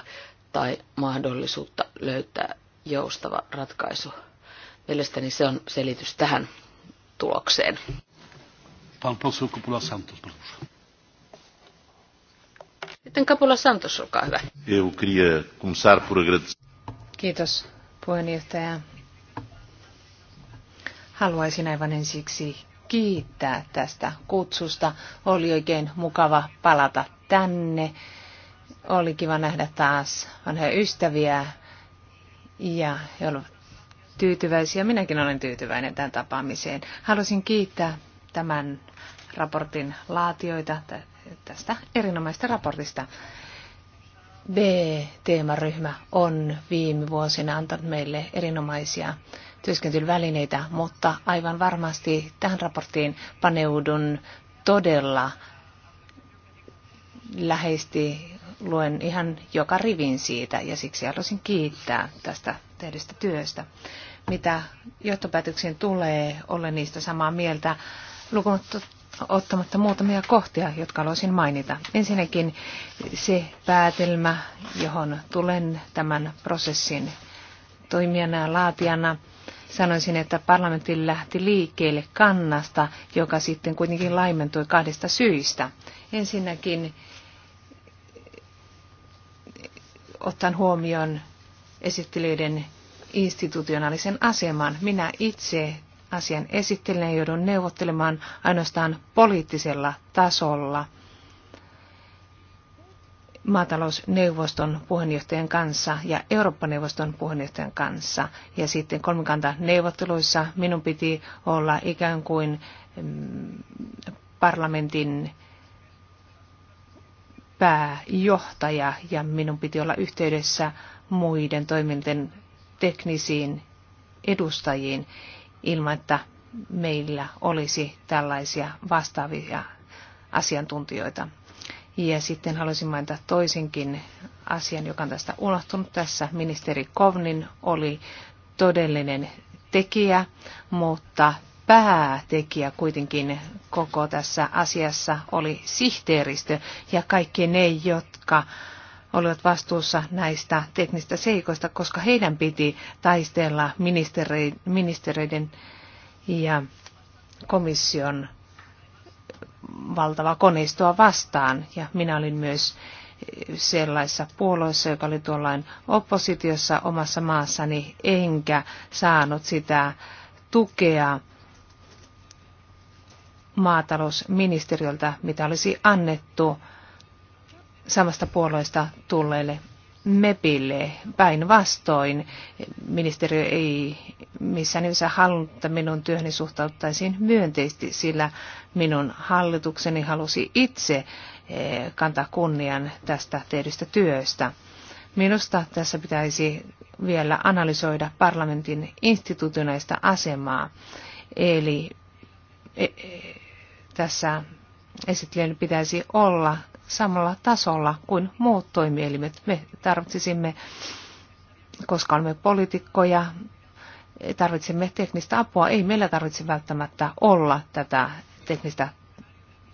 tai mahdollisuutta löytää joustava ratkaisu. Mielestäni se on selitys tähän tulokseen. Pan Santos, sitten Kapula Santos, olkaa hyvä. Eu queria começar por agradecer. Kiitos puheenjohtaja. Haluaisin aivan ensiksi kiittää tästä kutsusta. Oli oikein mukava palata tänne. Oli kiva nähdä taas vanhoja ystäviä ja he olivat tyytyväisiä. Minäkin olen tyytyväinen tämän tapaamiseen. Haluaisin kiittää tämän raportin laatioita tästä erinomaisesta raportista. B-teemaryhmä on viime vuosina antanut meille erinomaisia työskentelyvälineitä, mutta aivan varmasti tähän raporttiin paneudun todella läheisesti. Luen ihan joka rivin siitä ja siksi haluaisin kiittää tästä tehdystä työstä. Mitä johtopäätöksiin tulee, olen niistä samaa mieltä Lukunut ottamatta muutamia kohtia, jotka haluaisin mainita. Ensinnäkin se päätelmä, johon tulen tämän prosessin toimijana ja laatijana, sanoisin, että parlamentti lähti liikkeelle kannasta, joka sitten kuitenkin laimentui kahdesta syistä. Ensinnäkin otan huomioon esittelyiden institutionaalisen aseman. Minä itse asian esittelen joudun neuvottelemaan ainoastaan poliittisella tasolla maatalousneuvoston puheenjohtajan kanssa ja Eurooppa-neuvoston puheenjohtajan kanssa. Ja sitten kolmikanta neuvotteluissa minun piti olla ikään kuin mm, parlamentin pääjohtaja ja minun piti olla yhteydessä muiden toiminten teknisiin edustajiin ilman, että meillä olisi tällaisia vastaavia asiantuntijoita. Ja sitten haluaisin mainita toisenkin asian, joka on tästä unohtunut tässä. Ministeri Kovnin oli todellinen tekijä, mutta päätekijä kuitenkin koko tässä asiassa oli sihteeristö ja kaikki ne, jotka olivat vastuussa näistä teknistä seikoista, koska heidän piti taistella ministereiden ja komission valtavaa koneistoa vastaan. Ja minä olin myös sellaisessa puolueessa, joka oli tuollain oppositiossa omassa maassani, enkä saanut sitä tukea maatalousministeriöltä, mitä olisi annettu samasta puolueesta tulleelle MEPille. Päinvastoin ministeriö ei missään nimessä halunnut, että minun työhöni suhtauttaisiin myönteisesti, sillä minun hallitukseni halusi itse eh, kantaa kunnian tästä tehdystä työstä. Minusta tässä pitäisi vielä analysoida parlamentin instituutioista asemaa. Eli eh, eh, tässä esittelijän pitäisi olla samalla tasolla kuin muut toimielimet. Me tarvitsisimme, koska olemme poliitikkoja, tarvitsemme teknistä apua. Ei meillä tarvitse välttämättä olla tätä teknistä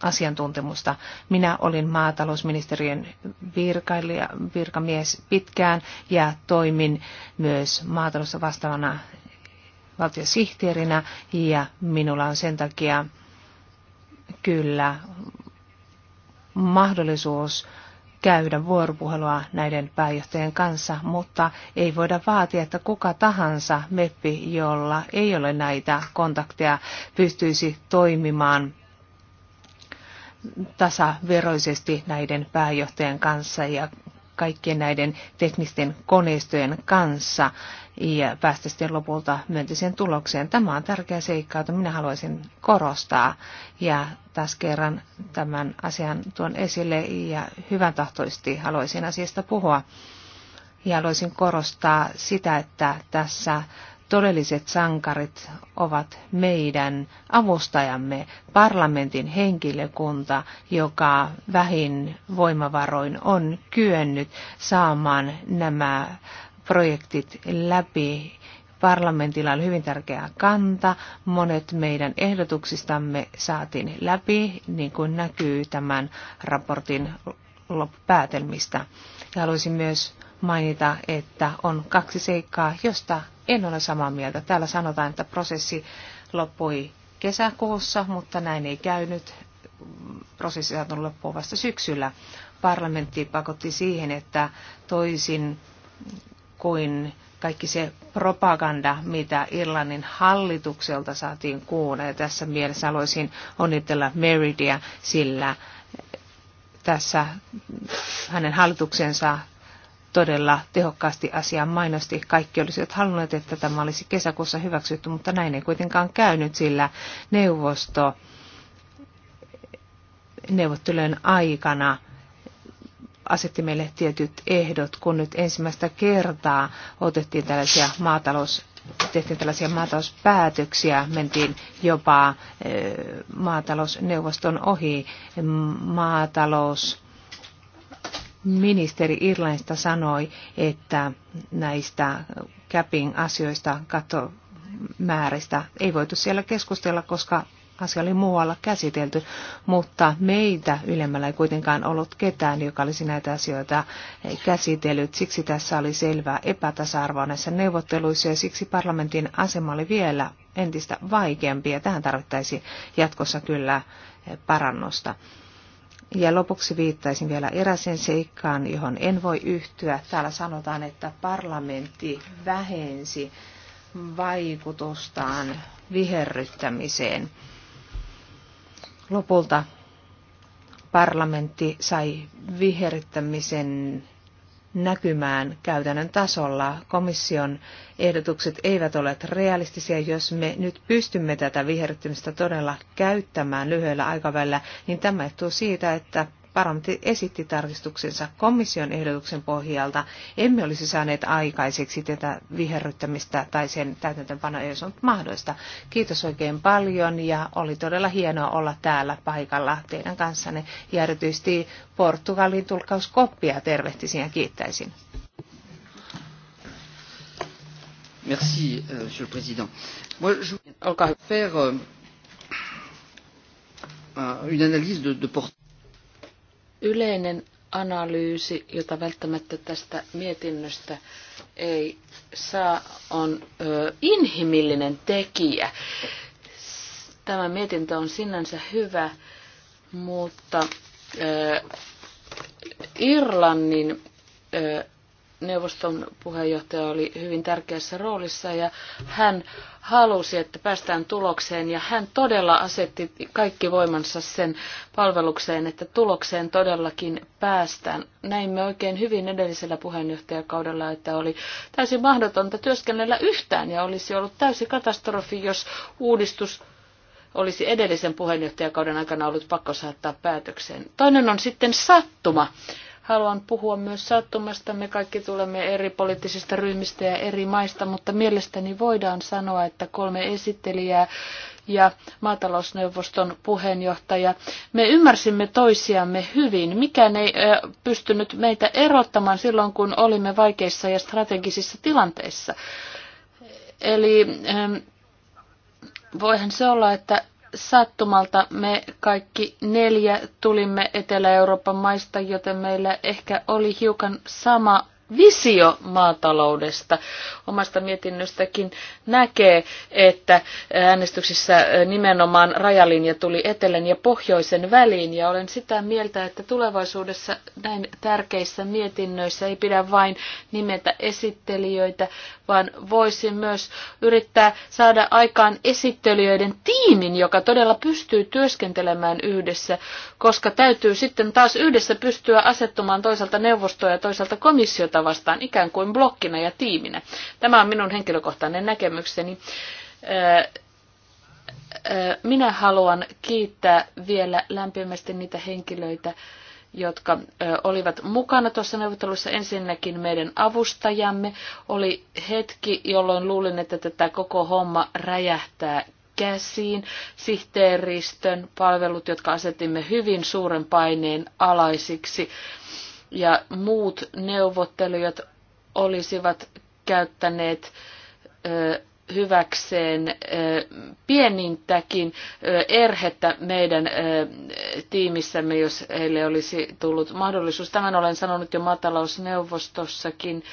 asiantuntemusta. Minä olin maatalousministeriön virkailija, virkamies pitkään ja toimin myös maataloudessa vastaavana valtiosihteerinä ja minulla on sen takia kyllä mahdollisuus käydä vuoropuhelua näiden pääjohtajien kanssa, mutta ei voida vaatia, että kuka tahansa meppi, jolla ei ole näitä kontakteja, pystyisi toimimaan tasaveroisesti näiden pääjohtajien kanssa ja kaikkien näiden teknisten koneistojen kanssa ja päästä sitten lopulta myönteiseen tulokseen. Tämä on tärkeä seikka, jota minä haluaisin korostaa ja taas kerran tämän asian tuon esille ja hyvän tahtoisesti haluaisin asiasta puhua. Ja haluaisin korostaa sitä, että tässä todelliset sankarit ovat meidän avustajamme, parlamentin henkilökunta, joka vähin voimavaroin on kyennyt saamaan nämä projektit läpi parlamentilla on hyvin tärkeä kanta. Monet meidän ehdotuksistamme saatiin läpi, niin kuin näkyy tämän raportin loppupäätelmistä. Ja haluaisin myös mainita, että on kaksi seikkaa, josta en ole samaa mieltä. Täällä sanotaan, että prosessi loppui kesäkuussa, mutta näin ei käynyt. Prosessi saattoi loppua vasta syksyllä. Parlamentti pakotti siihen, että toisin kuin kaikki se propaganda, mitä Irlannin hallitukselta saatiin kuulla. Ja tässä mielessä haluaisin onnitella Meridia, sillä tässä hänen hallituksensa todella tehokkaasti asian mainosti. Kaikki olisivat halunneet, että tämä olisi kesäkuussa hyväksytty, mutta näin ei kuitenkaan käynyt, sillä neuvosto neuvottelujen aikana asetti meille tietyt ehdot, kun nyt ensimmäistä kertaa otettiin tällaisia maatalous tehtiin tällaisia maatalouspäätöksiä, mentiin jopa eh, maatalousneuvoston ohi. Maatalous ministeri Irlandista sanoi, että näistä capping asioista kattomääristä ei voitu siellä keskustella, koska asia oli muualla käsitelty, mutta meitä ylemmällä ei kuitenkaan ollut ketään, joka olisi näitä asioita käsitellyt. Siksi tässä oli selvää epätasa-arvoa näissä neuvotteluissa ja siksi parlamentin asema oli vielä entistä vaikeampi ja tähän tarvittaisiin jatkossa kyllä parannusta. Ja lopuksi viittaisin vielä eräseen seikkaan, johon en voi yhtyä. Täällä sanotaan, että parlamentti vähensi vaikutustaan viherryttämiseen. Lopulta parlamentti sai viherryttämisen näkymään käytännön tasolla. Komission ehdotukset eivät ole realistisia. Jos me nyt pystymme tätä viherryttämistä todella käyttämään lyhyellä aikavälillä, niin tämä johtuu siitä, että Parlamentti esitti tarkistuksensa komission ehdotuksen pohjalta. Emme olisi saaneet aikaiseksi tätä viherryttämistä tai sen täytäntöönpanoa, ei olisi ollut mahdollista. Kiitos oikein paljon ja oli todella hienoa olla täällä paikalla teidän kanssanne. Ja erityisesti Portugalin tulkkauskoppia tervehtisin ja kiittäisin. Merci, euh, Monsieur le Président. Moi, je voudrais faire euh, une analyse de, de portée. Yleinen analyysi, jota välttämättä tästä mietinnöstä ei saa, on ö, inhimillinen tekijä. Tämä mietintö on sinänsä hyvä, mutta ö, Irlannin ö, neuvoston puheenjohtaja oli hyvin tärkeässä roolissa ja hän halusi, että päästään tulokseen ja hän todella asetti kaikki voimansa sen palvelukseen, että tulokseen todellakin päästään. Näimme oikein hyvin edellisellä puheenjohtajakaudella, että oli täysin mahdotonta työskennellä yhtään ja olisi ollut täysi katastrofi, jos uudistus olisi edellisen puheenjohtajakauden aikana ollut pakko saattaa päätökseen. Toinen on sitten sattuma haluan puhua myös sattumasta. Me kaikki tulemme eri poliittisista ryhmistä ja eri maista, mutta mielestäni voidaan sanoa, että kolme esittelijää ja maatalousneuvoston puheenjohtaja. Me ymmärsimme toisiamme hyvin. Mikään ei pystynyt meitä erottamaan silloin, kun olimme vaikeissa ja strategisissa tilanteissa. Eli voihan se olla, että sattumalta me kaikki neljä tulimme Etelä-Euroopan maista, joten meillä ehkä oli hiukan sama visio maataloudesta. Omasta mietinnöstäkin näkee, että äänestyksessä nimenomaan rajalinja tuli etelän ja pohjoisen väliin ja olen sitä mieltä, että tulevaisuudessa näin tärkeissä mietinnöissä ei pidä vain nimetä esittelijöitä, vaan voisi myös yrittää saada aikaan esittelijöiden tiimin, joka todella pystyy työskentelemään yhdessä, koska täytyy sitten taas yhdessä pystyä asettumaan toisaalta neuvostoa ja toisaalta komissiota ottaa vastaan ikään kuin blokkina ja tiiminä. Tämä on minun henkilökohtainen näkemykseni. Minä haluan kiittää vielä lämpimästi niitä henkilöitä, jotka olivat mukana tuossa neuvottelussa. Ensinnäkin meidän avustajamme oli hetki, jolloin luulin, että tätä koko homma räjähtää käsiin, sihteeristön palvelut, jotka asetimme hyvin suuren paineen alaisiksi ja muut neuvottelijat olisivat käyttäneet hyväkseen pienintäkin erhettä meidän tiimissämme, jos heille olisi tullut mahdollisuus. Tämän olen sanonut jo matalousneuvostossakin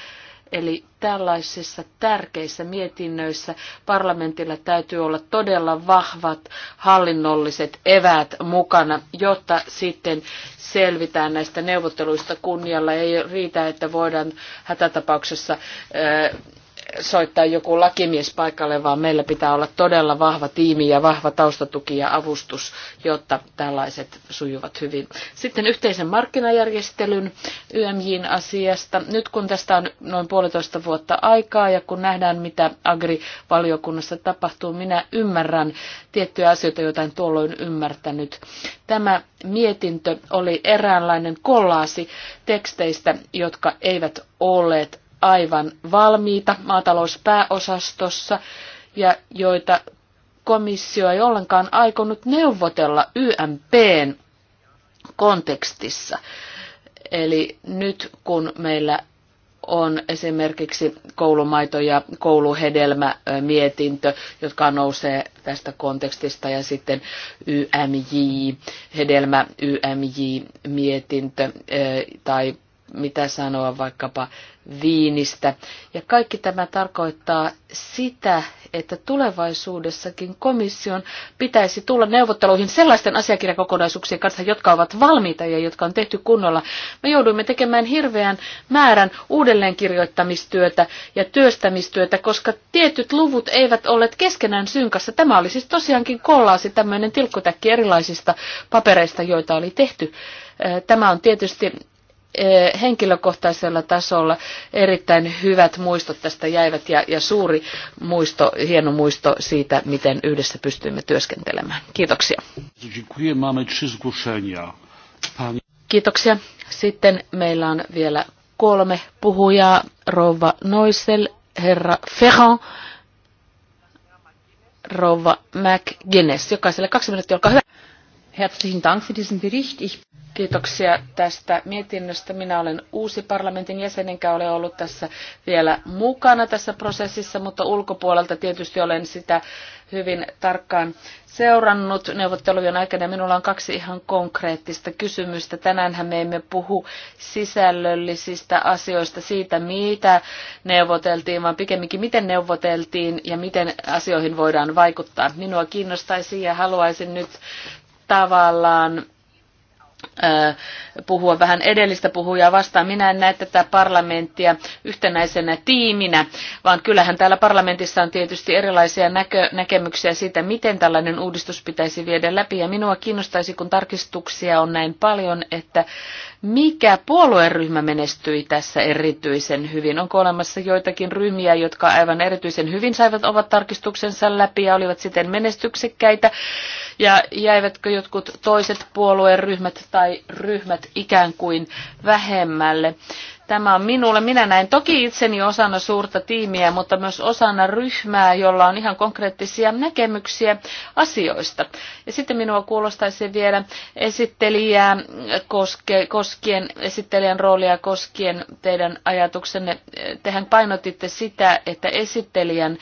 Eli tällaisissa tärkeissä mietinnöissä parlamentilla täytyy olla todella vahvat hallinnolliset eväät mukana, jotta sitten selvitään näistä neuvotteluista kunnialla. Ei riitä, että voidaan hätätapauksessa soittaa joku lakimies paikalle, vaan meillä pitää olla todella vahva tiimi ja vahva taustatuki ja avustus, jotta tällaiset sujuvat hyvin. Sitten yhteisen markkinajärjestelyn YMJin asiasta. Nyt kun tästä on noin puolitoista vuotta aikaa ja kun nähdään, mitä agrivaliokunnassa tapahtuu, minä ymmärrän tiettyjä asioita, joita en tuolloin ymmärtänyt. Tämä mietintö oli eräänlainen kollaasi teksteistä, jotka eivät olleet aivan valmiita maatalouspääosastossa ja joita komissio ei ollenkaan aikonut neuvotella YMPn kontekstissa. Eli nyt kun meillä on esimerkiksi koulumaito- ja kouluhedelmämietintö, jotka nousee tästä kontekstista, ja sitten YMJ, hedelmä YMJ-mietintö tai mitä sanoa vaikkapa viinistä. Ja kaikki tämä tarkoittaa sitä, että tulevaisuudessakin komission pitäisi tulla neuvotteluihin sellaisten asiakirjakokonaisuuksien kanssa, jotka ovat valmiita ja jotka on tehty kunnolla. Me jouduimme tekemään hirveän määrän uudelleenkirjoittamistyötä ja työstämistyötä, koska tietyt luvut eivät olleet keskenään synkassa. Tämä oli siis tosiaankin kollaasi, tämmöinen tilkkutäkki erilaisista papereista, joita oli tehty. Tämä on tietysti Eh, henkilökohtaisella tasolla erittäin hyvät muistot tästä jäivät ja, ja suuri muisto, hieno muisto siitä, miten yhdessä pystyimme työskentelemään. Kiitoksia. Kiitoksia. Sitten meillä on vielä kolme puhujaa. Rouva Noisel, herra Ferron, rouva McGuinness. Jokaiselle kaksi minuuttia, olkaa hyvä. Herzlichen Dank für diesen Bericht. Ich Kiitoksia tästä mietinnöstä. Minä olen uusi parlamentin jäsen, enkä ole ollut tässä vielä mukana tässä prosessissa, mutta ulkopuolelta tietysti olen sitä hyvin tarkkaan seurannut neuvottelujen aikana. Minulla on kaksi ihan konkreettista kysymystä. Tänäänhän me emme puhu sisällöllisistä asioista siitä, mitä neuvoteltiin, vaan pikemminkin miten neuvoteltiin ja miten asioihin voidaan vaikuttaa. Minua kiinnostaisi ja haluaisin nyt tavallaan puhua vähän edellistä puhujaa vastaan. Minä en näe tätä parlamenttia yhtenäisenä tiiminä, vaan kyllähän täällä parlamentissa on tietysti erilaisia näkö, näkemyksiä siitä, miten tällainen uudistus pitäisi viedä läpi. Ja minua kiinnostaisi, kun tarkistuksia on näin paljon, että mikä puolueryhmä menestyi tässä erityisen hyvin? Onko olemassa joitakin ryhmiä, jotka aivan erityisen hyvin saivat ovat tarkistuksensa läpi ja olivat siten menestyksekkäitä? Ja jäivätkö jotkut toiset puolueryhmät tai ryhmät ikään kuin vähemmälle? Tämä on minulle. Minä näen toki itseni osana suurta tiimiä, mutta myös osana ryhmää, jolla on ihan konkreettisia näkemyksiä asioista. Ja sitten minua kuulostaisi vielä esittelijää koske, koskien, esittelijän roolia koskien teidän ajatuksenne. Tehän painotitte sitä, että esittelijän äh,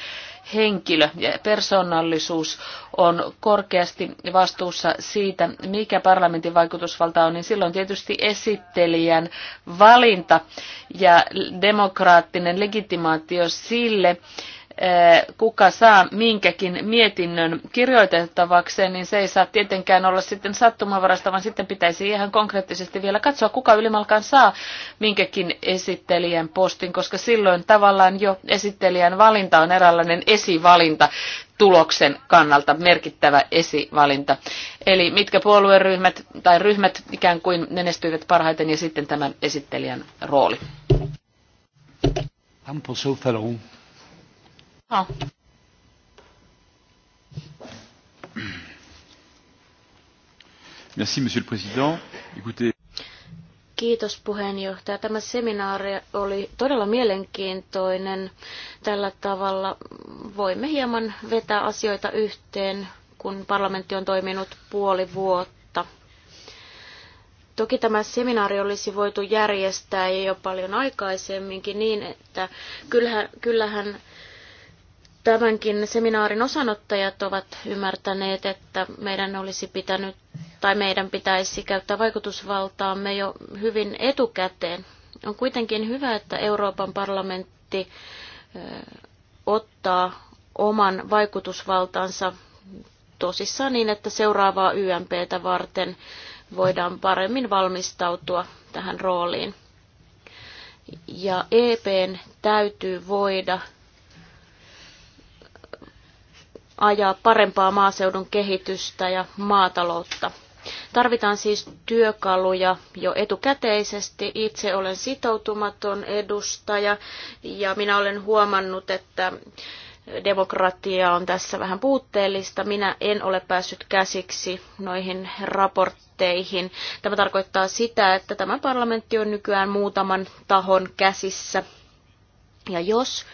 henkilö ja persoonallisuus on korkeasti vastuussa siitä, mikä parlamentin vaikutusvalta on, niin silloin tietysti esittelijän valinta ja demokraattinen legitimaatio sille, Äh, kuka saa minkäkin mietinnön kirjoitettavakseen, niin se ei saa tietenkään olla sitten sattumavarasta, vaan sitten pitäisi ihan konkreettisesti vielä katsoa, kuka ylimalkaan saa minkäkin esittelijän postin, koska silloin tavallaan jo esittelijän valinta on eräänlainen esivalinta tuloksen kannalta merkittävä esivalinta. Eli mitkä puolueryhmät tai ryhmät ikään kuin menestyivät parhaiten ja sitten tämän esittelijän rooli. Pan Ha. Merci, monsieur le président. Écoutez... Kiitos puheenjohtaja. Tämä seminaari oli todella mielenkiintoinen. Tällä tavalla voimme hieman vetää asioita yhteen, kun parlamentti on toiminut puoli vuotta. Toki tämä seminaari olisi voitu järjestää jo paljon aikaisemminkin niin, että kyllähän, kyllähän tämänkin seminaarin osanottajat ovat ymmärtäneet, että meidän olisi pitänyt tai meidän pitäisi käyttää vaikutusvaltaamme jo hyvin etukäteen. On kuitenkin hyvä, että Euroopan parlamentti ottaa oman vaikutusvaltansa tosissaan niin, että seuraavaa YMPtä varten voidaan paremmin valmistautua tähän rooliin. Ja EPn täytyy voida ajaa parempaa maaseudun kehitystä ja maataloutta. Tarvitaan siis työkaluja jo etukäteisesti. Itse olen sitoutumaton edustaja ja minä olen huomannut, että demokratia on tässä vähän puutteellista. Minä en ole päässyt käsiksi noihin raportteihin. Tämä tarkoittaa sitä, että tämä parlamentti on nykyään muutaman tahon käsissä. Ja jos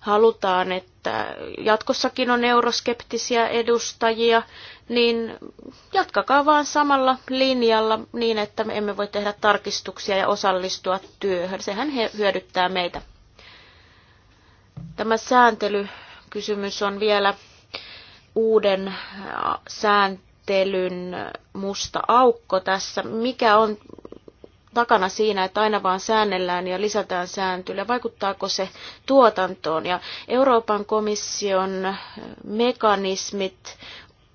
halutaan, että jatkossakin on euroskeptisiä edustajia, niin jatkakaa vaan samalla linjalla niin, että me emme voi tehdä tarkistuksia ja osallistua työhön. Sehän hyödyttää meitä. Tämä sääntelykysymys on vielä uuden sääntelyn musta aukko tässä. Mikä on takana siinä, että aina vaan säännellään ja lisätään sääntelyä? Vaikuttaako se tuotantoon? Ja Euroopan komission mekanismit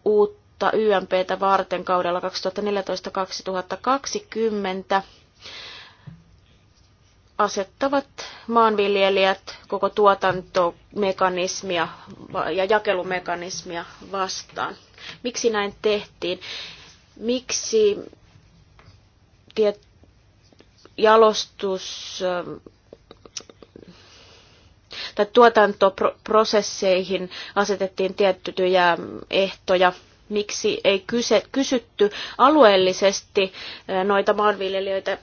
uutta YMPtä varten kaudella 2014-2020 asettavat maanviljelijät koko tuotantomekanismia ja jakelumekanismia vastaan. Miksi näin tehtiin? Miksi tiet, jalostus ähm, tai tuotantoprosesseihin asetettiin tiettyjä ehtoja. Miksi ei kyse, kysytty alueellisesti äh, noita maanviljelijöitä,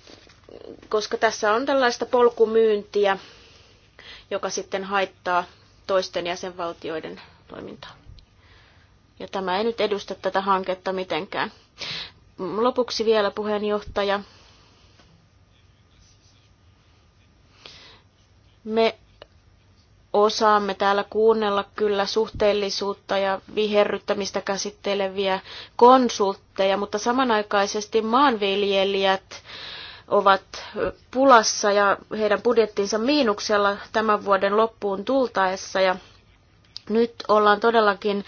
koska tässä on tällaista polkumyyntiä, joka sitten haittaa toisten jäsenvaltioiden toimintaa. Ja tämä ei nyt edusta tätä hanketta mitenkään. Lopuksi vielä puheenjohtaja Me osaamme täällä kuunnella kyllä suhteellisuutta ja viherryttämistä käsitteleviä konsultteja, mutta samanaikaisesti maanviljelijät ovat pulassa ja heidän budjettinsa miinuksella tämän vuoden loppuun tultaessa. Ja nyt ollaan todellakin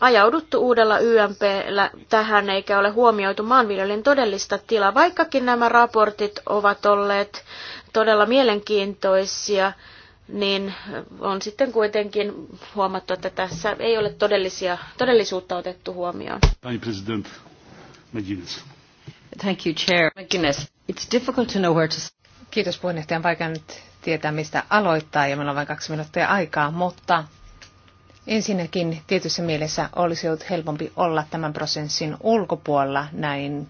ajauduttu uudella YMPllä tähän eikä ole huomioitu maanviljelijän todellista tilaa, vaikkakin nämä raportit ovat olleet todella mielenkiintoisia niin on sitten kuitenkin huomattu, että tässä ei ole todellisia, todellisuutta otettu huomioon. Pani president McGuinness. Thank you, Chair. McGuinness. It's difficult to know where to... Kiitos puheenjohtajan paikan nyt tietää, mistä aloittaa, ja meillä on vain kaksi minuuttia aikaa, mutta Ensinnäkin tietyssä mielessä olisi ollut helpompi olla tämän prosessin ulkopuolella näin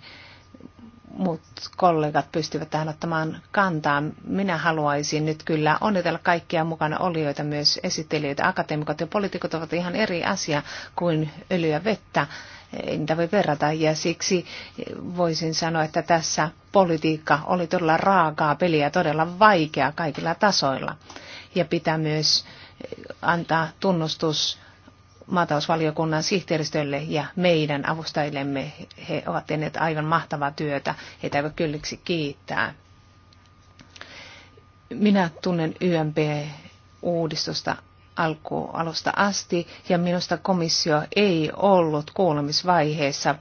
muut kollegat pystyvät tähän ottamaan kantaa. Minä haluaisin nyt kyllä onnitella kaikkia mukana olijoita, myös esittelijöitä, akateemikot ja poliitikot ovat ihan eri asia kuin öljyä vettä. Ei niitä voi verrata ja siksi voisin sanoa, että tässä politiikka oli todella raakaa peliä, todella vaikeaa kaikilla tasoilla. Ja pitää myös antaa tunnustus maatalousvaliokunnan sihteeristölle ja meidän avustajillemme. He ovat tehneet aivan mahtavaa työtä. Heitä voi kylliksi kiittää. Minä tunnen YMP-uudistusta alkualusta asti ja minusta komissio ei ollut kuulemisvaiheessa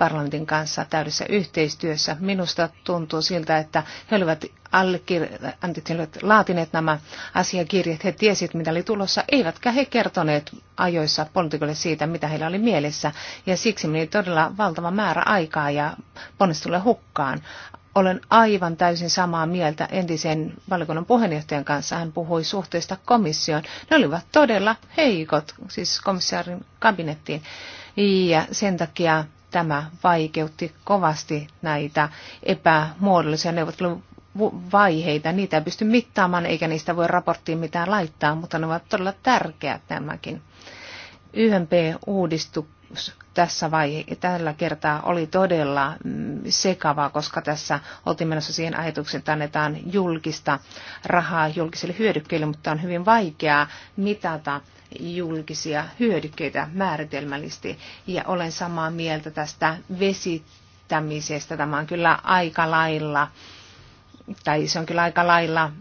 parlamentin kanssa täydessä yhteistyössä. Minusta tuntuu siltä, että he olivat, allekir- anteeksi, laatineet nämä asiakirjat. He tiesivät, mitä oli tulossa, eivätkä he kertoneet ajoissa poliitikolle siitä, mitä heillä oli mielessä. Ja siksi meni todella valtava määrä aikaa ja ponnistulle hukkaan. Olen aivan täysin samaa mieltä entisen valiokunnan puheenjohtajan kanssa. Hän puhui suhteesta komissioon. Ne olivat todella heikot, siis komissaarin kabinettiin. Ja sen takia tämä vaikeutti kovasti näitä epämuodollisia neuvotteluvaiheita. Niitä ei pysty mittaamaan eikä niistä voi raporttiin mitään laittaa, mutta ne ovat todella tärkeät nämäkin. YMP-uudistus tässä vaihe, tällä kertaa oli todella mm, sekavaa, koska tässä oltiin menossa siihen ajatukseen, että annetaan julkista rahaa julkisille hyödykkeille, mutta on hyvin vaikeaa mitata julkisia hyödykkeitä määritelmällisesti. Ja olen samaa mieltä tästä vesittämisestä. Tämä on kyllä aika lailla, tai se on kyllä aika lailla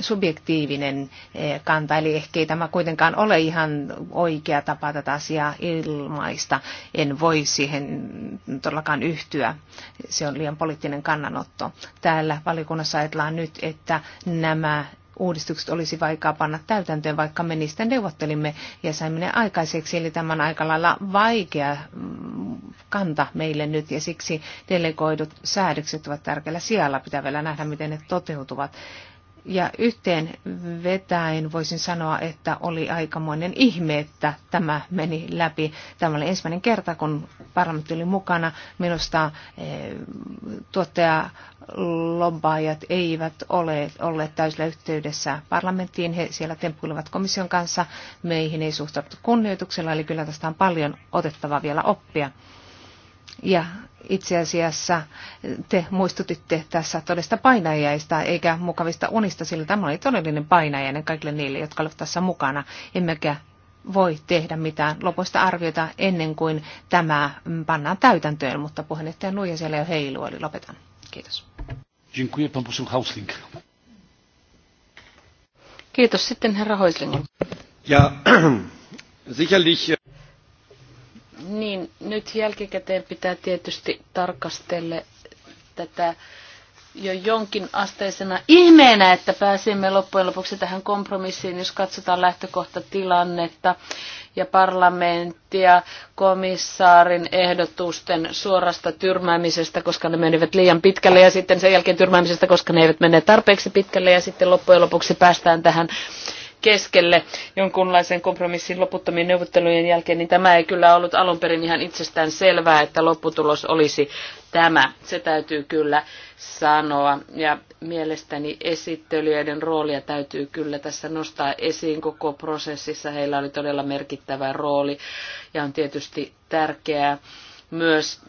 subjektiivinen eh, kanta, eli ehkä ei tämä kuitenkaan ole ihan oikea tapa tätä asiaa ilmaista. En voi siihen todellakaan yhtyä. Se on liian poliittinen kannanotto. Täällä valikunnassa ajatellaan nyt, että nämä uudistukset olisi vaikea panna täytäntöön, vaikka me niistä neuvottelimme ja saimme ne aikaiseksi. Eli tämä on aika lailla vaikea mm, kanta meille nyt ja siksi delegoidut säädökset ovat tärkeällä sijalla. Pitää vielä nähdä, miten ne toteutuvat. Ja yhteen vetäen voisin sanoa, että oli aikamoinen ihme, että tämä meni läpi. Tämä oli ensimmäinen kerta, kun parlamentti oli mukana. Minusta eh, tuottajalobbaajat eivät ole olleet täysillä yhteydessä parlamenttiin. He siellä temppuilivat komission kanssa. Meihin ei suhtauduttu kunnioituksella, eli kyllä tästä on paljon otettavaa vielä oppia. Ja itse asiassa te muistutitte tässä todesta painajaista eikä mukavista unista, sillä tämä oli todellinen painajainen kaikille niille, jotka olivat tässä mukana. Emmekä voi tehdä mitään lopuista arviota ennen kuin tämä pannaan täytäntöön, mutta puheenjohtaja Nuija siellä jo heilu, eli lopetan. Kiitos. Kiitos sitten herra Häusling. Ja <clears throat> sicherlich nyt jälkikäteen pitää tietysti tarkastella tätä jo jonkin asteisena ihmeenä, että pääsimme loppujen lopuksi tähän kompromissiin, jos katsotaan lähtökohtatilannetta ja parlamenttia komissaarin ehdotusten suorasta tyrmäämisestä, koska ne menivät liian pitkälle ja sitten sen jälkeen tyrmäämisestä, koska ne eivät mene tarpeeksi pitkälle ja sitten loppujen lopuksi päästään tähän keskelle jonkunlaisen kompromissin loputtomien neuvottelujen jälkeen, niin tämä ei kyllä ollut alun perin ihan itsestään selvää, että lopputulos olisi tämä. Se täytyy kyllä sanoa. Ja mielestäni esittelijöiden roolia täytyy kyllä tässä nostaa esiin koko prosessissa. Heillä oli todella merkittävä rooli ja on tietysti tärkeää, myös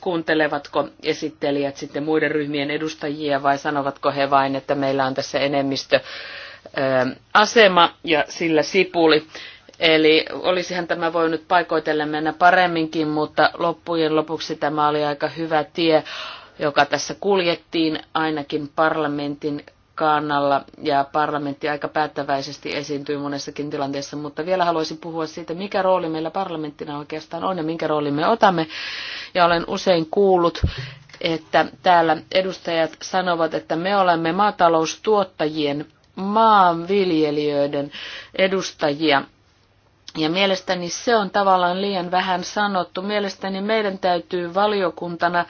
kuuntelevatko esittelijät sitten muiden ryhmien edustajia vai sanovatko he vain, että meillä on tässä enemmistö asema ja sillä sipuli. Eli olisihan tämä voinut paikoitellen mennä paremminkin, mutta loppujen lopuksi tämä oli aika hyvä tie, joka tässä kuljettiin ainakin parlamentin kannalla ja parlamentti aika päättäväisesti esiintyi monessakin tilanteessa, mutta vielä haluaisin puhua siitä, mikä rooli meillä parlamenttina oikeastaan on ja minkä rooli me otamme. Ja olen usein kuullut, että täällä edustajat sanovat, että me olemme maataloustuottajien maanviljelijöiden edustajia. Ja mielestäni se on tavallaan liian vähän sanottu. Mielestäni meidän täytyy valiokuntana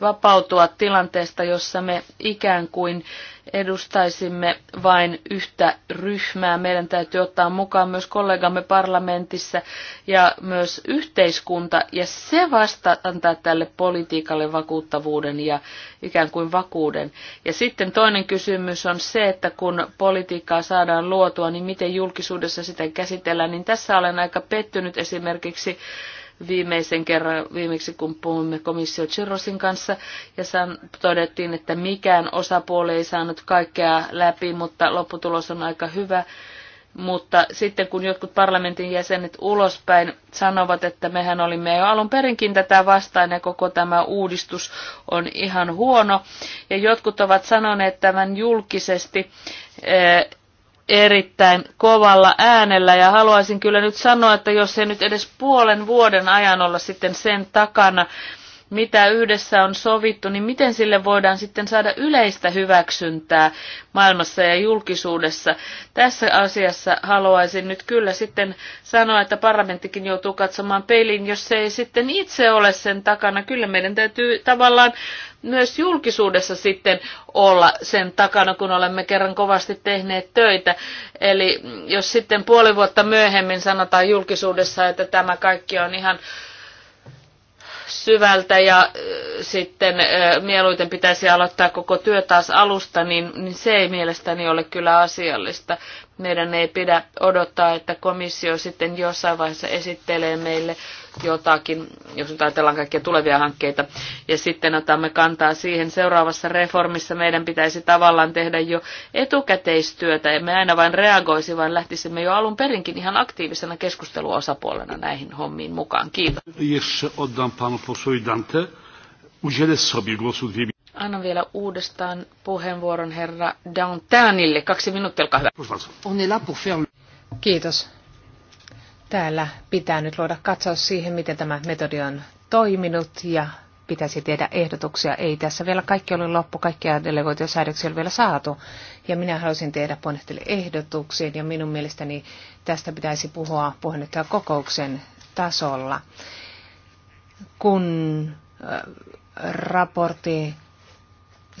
vapautua tilanteesta, jossa me ikään kuin edustaisimme vain yhtä ryhmää. Meidän täytyy ottaa mukaan myös kollegamme parlamentissa ja myös yhteiskunta, ja se vasta antaa tälle politiikalle vakuuttavuuden ja ikään kuin vakuuden. Ja sitten toinen kysymys on se, että kun politiikkaa saadaan luotua, niin miten julkisuudessa sitä käsitellään, niin tässä olen aika pettynyt esimerkiksi viimeisen kerran viimeksi, kun puhuimme komissio Chirosin kanssa, ja san, todettiin, että mikään osapuoli ei saanut kaikkea läpi, mutta lopputulos on aika hyvä. Mutta sitten kun jotkut parlamentin jäsenet ulospäin sanovat, että mehän olimme jo alun perinkin tätä vastaan ja koko tämä uudistus on ihan huono, ja jotkut ovat sanoneet tämän julkisesti, eh, erittäin kovalla äänellä ja haluaisin kyllä nyt sanoa, että jos ei nyt edes puolen vuoden ajan olla sitten sen takana, mitä yhdessä on sovittu, niin miten sille voidaan sitten saada yleistä hyväksyntää maailmassa ja julkisuudessa. Tässä asiassa haluaisin nyt kyllä sitten sanoa, että parlamenttikin joutuu katsomaan peiliin, jos se ei sitten itse ole sen takana. Kyllä meidän täytyy tavallaan myös julkisuudessa sitten olla sen takana, kun olemme kerran kovasti tehneet töitä. Eli jos sitten puoli vuotta myöhemmin sanotaan julkisuudessa, että tämä kaikki on ihan syvältä ja äh, sitten äh, mieluiten pitäisi aloittaa koko työ taas alusta, niin, niin se ei mielestäni ole kyllä asiallista meidän ei pidä odottaa, että komissio sitten jossain vaiheessa esittelee meille jotakin, jos nyt ajatellaan kaikkia tulevia hankkeita, ja sitten otamme kantaa siihen. Seuraavassa reformissa meidän pitäisi tavallaan tehdä jo etukäteistyötä, emme aina vain reagoisi, vaan lähtisimme jo alun perinkin ihan aktiivisena keskusteluosapuolena näihin hommiin mukaan. Kiitos. Annan vielä uudestaan puheenvuoron herra Downtownille. Kaksi minuuttia, olkaa hyvä. Kiitos. Täällä pitää nyt luoda katsaus siihen, miten tämä metodi on toiminut ja pitäisi tehdä ehdotuksia. Ei tässä vielä kaikki ole loppu, kaikkia delegoitiosäädöksiä oli vielä saatu. Ja minä haluaisin tehdä puheenjohtajille ehdotuksiin ja minun mielestäni tästä pitäisi puhua kokouksen tasolla. Kun äh, raportti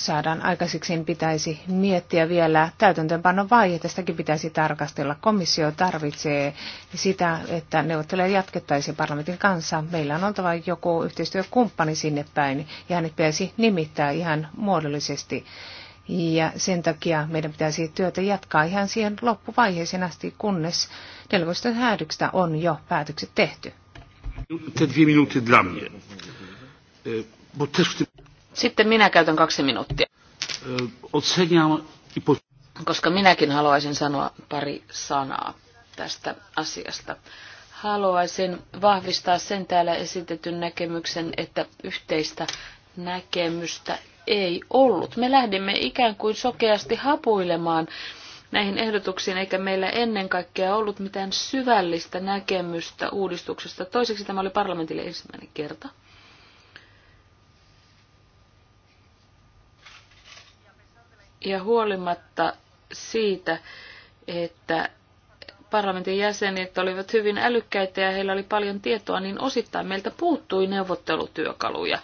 saadaan aikaiseksi, niin pitäisi miettiä vielä täytäntöönpanon vaihe. Tästäkin pitäisi tarkastella. Komissio tarvitsee sitä, että neuvotteluja jatkettaisiin parlamentin kanssa. Meillä on oltava joku yhteistyökumppani sinne päin ja hänet pitäisi nimittää ihan muodollisesti. Ja sen takia meidän pitäisi työtä jatkaa ihan siihen loppuvaiheeseen asti, kunnes 14 häädyksestä on jo päätökset tehty. Sitten minä käytän kaksi minuuttia. Koska minäkin haluaisin sanoa pari sanaa tästä asiasta. Haluaisin vahvistaa sen täällä esitetyn näkemyksen, että yhteistä näkemystä ei ollut. Me lähdimme ikään kuin sokeasti hapuilemaan näihin ehdotuksiin, eikä meillä ennen kaikkea ollut mitään syvällistä näkemystä uudistuksesta. Toiseksi tämä oli parlamentille ensimmäinen kerta. Ja huolimatta siitä, että parlamentin jäsenet olivat hyvin älykkäitä ja heillä oli paljon tietoa, niin osittain meiltä puuttui neuvottelutyökaluja.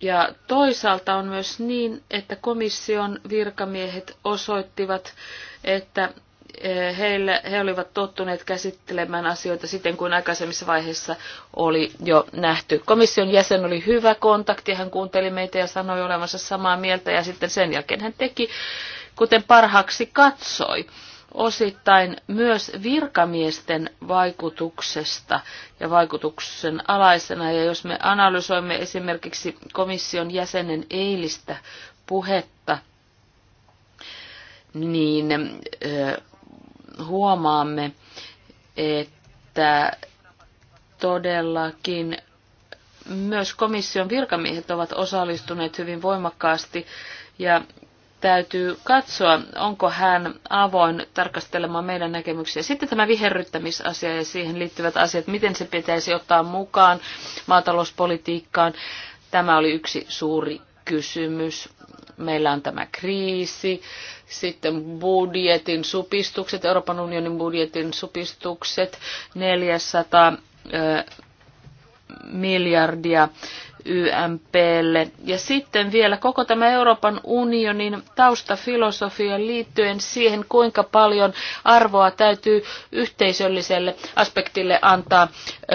Ja toisaalta on myös niin, että komission virkamiehet osoittivat, että Eh, heillä, he olivat tottuneet käsittelemään asioita siten kuin aikaisemmissa vaiheissa oli jo nähty. Komission jäsen oli hyvä kontakti, hän kuunteli meitä ja sanoi olevansa samaa mieltä ja sitten sen jälkeen hän teki, kuten parhaaksi katsoi. Osittain myös virkamiesten vaikutuksesta ja vaikutuksen alaisena. Ja jos me analysoimme esimerkiksi komission jäsenen eilistä puhetta, niin eh, huomaamme, että todellakin myös komission virkamiehet ovat osallistuneet hyvin voimakkaasti ja täytyy katsoa, onko hän avoin tarkastelemaan meidän näkemyksiä. Sitten tämä viherryttämisasia ja siihen liittyvät asiat, miten se pitäisi ottaa mukaan maatalouspolitiikkaan. Tämä oli yksi suuri kysymys meillä on tämä kriisi, sitten budjetin supistukset, Euroopan unionin budjetin supistukset, 400 miljardia YMPlle. Ja sitten vielä koko tämä Euroopan unionin taustafilosofia liittyen siihen, kuinka paljon arvoa täytyy yhteisölliselle aspektille antaa ö, ö,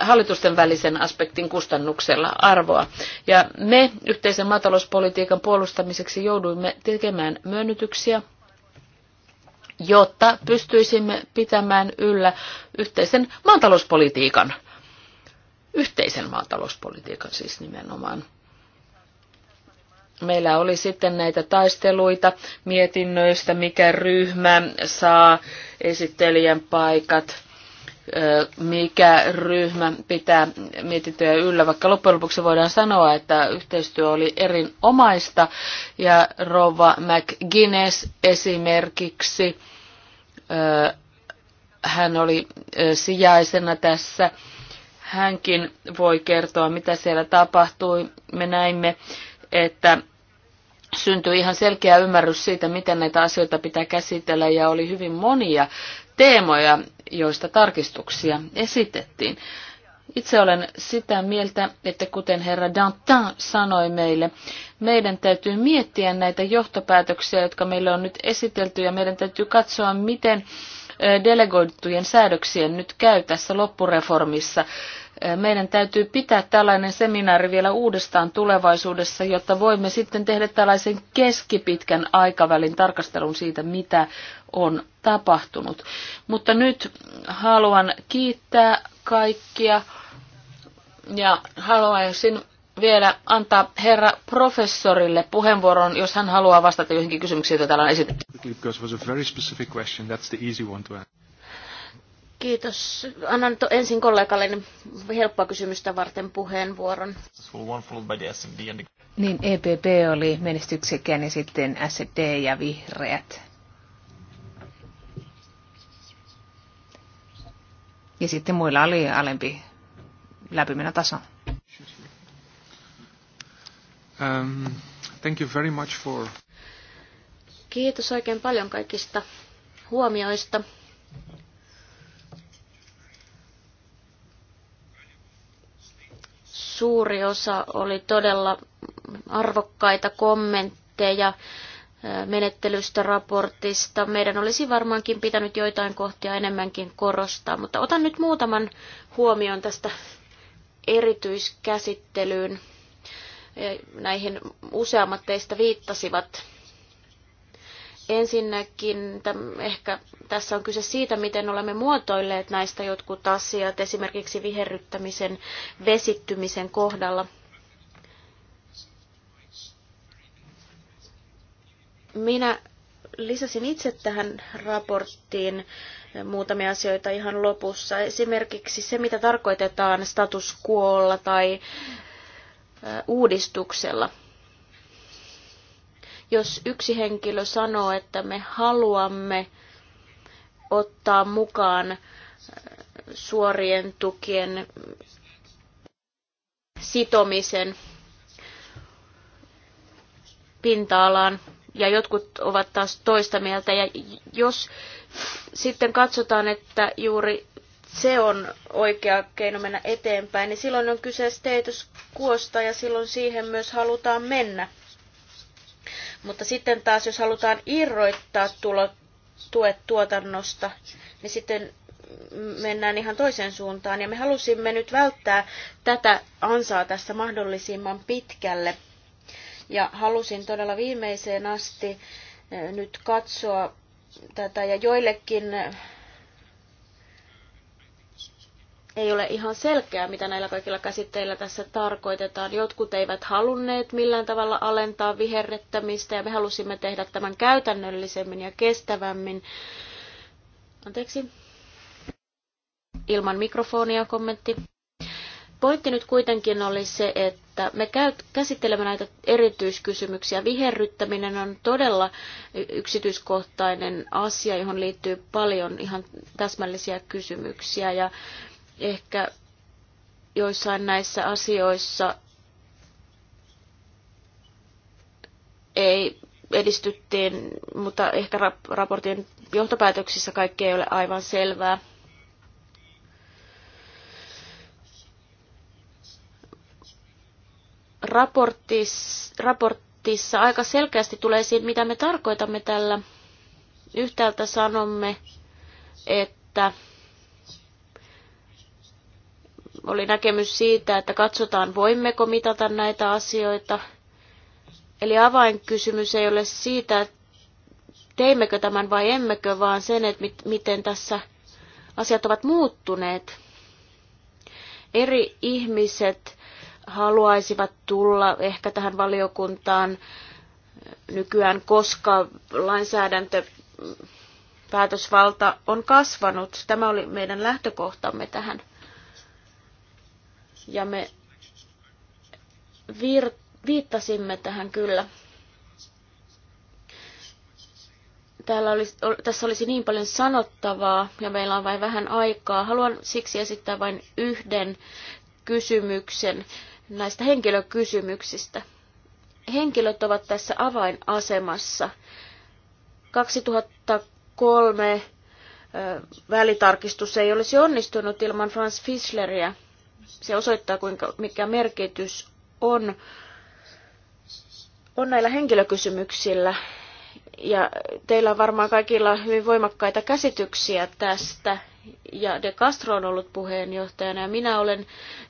hallitusten välisen aspektin kustannuksella arvoa. Ja me yhteisen maatalouspolitiikan puolustamiseksi jouduimme tekemään myönnytyksiä jotta pystyisimme pitämään yllä yhteisen maatalouspolitiikan yhteisen maatalouspolitiikan siis nimenomaan. Meillä oli sitten näitä taisteluita mietinnöistä, mikä ryhmä saa esittelijän paikat, mikä ryhmä pitää mietintöjä yllä, vaikka loppujen lopuksi voidaan sanoa, että yhteistyö oli erinomaista ja Rova McGuinness esimerkiksi, hän oli sijaisena tässä hänkin voi kertoa, mitä siellä tapahtui. Me näimme, että syntyi ihan selkeä ymmärrys siitä, miten näitä asioita pitää käsitellä, ja oli hyvin monia teemoja, joista tarkistuksia esitettiin. Itse olen sitä mieltä, että kuten herra Dantin sanoi meille, meidän täytyy miettiä näitä johtopäätöksiä, jotka meille on nyt esitelty, ja meidän täytyy katsoa, miten delegoitujen säädöksien nyt käy tässä loppureformissa. Meidän täytyy pitää tällainen seminaari vielä uudestaan tulevaisuudessa, jotta voimme sitten tehdä tällaisen keskipitkän aikavälin tarkastelun siitä, mitä on tapahtunut. Mutta nyt haluan kiittää kaikkia ja haluaisin vielä antaa herra professorille puheenvuoron, jos hän haluaa vastata johonkin kysymyksiin, joita täällä on esitetty. Kiitos. Annan to ensin kollegalle helppoa kysymystä varten puheenvuoron. Niin, EPP oli menestyksekään ja sitten SD ja vihreät. Ja sitten muilla oli alempi läpimenotaso. taso. Um, thank you very much for... Kiitos oikein paljon kaikista huomioista. Suuri osa oli todella arvokkaita kommentteja eh, menettelystä, raportista. Meidän olisi varmaankin pitänyt joitain kohtia enemmänkin korostaa, mutta otan nyt muutaman huomion tästä erityiskäsittelyyn Näihin useammat teistä viittasivat. Ensinnäkin ehkä tässä on kyse siitä, miten olemme muotoilleet näistä jotkut asiat, esimerkiksi viherryttämisen, vesittymisen kohdalla. Minä lisäsin itse tähän raporttiin muutamia asioita ihan lopussa. Esimerkiksi se, mitä tarkoitetaan status quolla tai uudistuksella. Jos yksi henkilö sanoo, että me haluamme ottaa mukaan suorien tukien sitomisen pinta-alaan, ja jotkut ovat taas toista mieltä. Ja jos sitten katsotaan, että juuri se on oikea keino mennä eteenpäin, niin silloin on kyse status kuosta ja silloin siihen myös halutaan mennä. Mutta sitten taas, jos halutaan irroittaa tulo tuet tuotannosta, niin sitten mennään ihan toiseen suuntaan. Ja me halusimme nyt välttää tätä ansaa tässä mahdollisimman pitkälle. Ja halusin todella viimeiseen asti eh, nyt katsoa tätä ja joillekin eh, ei ole ihan selkeää, mitä näillä kaikilla käsitteillä tässä tarkoitetaan. Jotkut eivät halunneet millään tavalla alentaa viherrettämistä ja me halusimme tehdä tämän käytännöllisemmin ja kestävämmin. Anteeksi. Ilman mikrofonia kommentti. Pointti nyt kuitenkin oli se, että me käsittelemme näitä erityiskysymyksiä. Viherryttäminen on todella yksityiskohtainen asia, johon liittyy paljon ihan täsmällisiä kysymyksiä. Ja Ehkä joissain näissä asioissa ei edistyttiin, mutta ehkä raportin johtopäätöksissä kaikki ei ole aivan selvää. Raportis, raportissa aika selkeästi tulee siihen, mitä me tarkoitamme tällä. Yhtäältä sanomme, että oli näkemys siitä, että katsotaan voimmeko mitata näitä asioita. Eli avainkysymys ei ole siitä, teimmekö tämän vai emmekö, vaan sen, että mit, miten tässä asiat ovat muuttuneet. Eri ihmiset haluaisivat tulla ehkä tähän valiokuntaan nykyään, koska lainsäädäntö päätösvalta on kasvanut. Tämä oli meidän lähtökohtamme tähän ja me vir- viittasimme tähän kyllä. Täällä olisi, tässä olisi niin paljon sanottavaa ja meillä on vain vähän aikaa. Haluan siksi esittää vain yhden kysymyksen näistä henkilökysymyksistä. Henkilöt ovat tässä avainasemassa. 2003 välitarkistus ei olisi onnistunut ilman Franz Fischleriä – se osoittaa, kuinka, mikä merkitys on, on näillä henkilökysymyksillä. Ja teillä on varmaan kaikilla hyvin voimakkaita käsityksiä tästä. Ja De Castro on ollut puheenjohtajana ja minä olen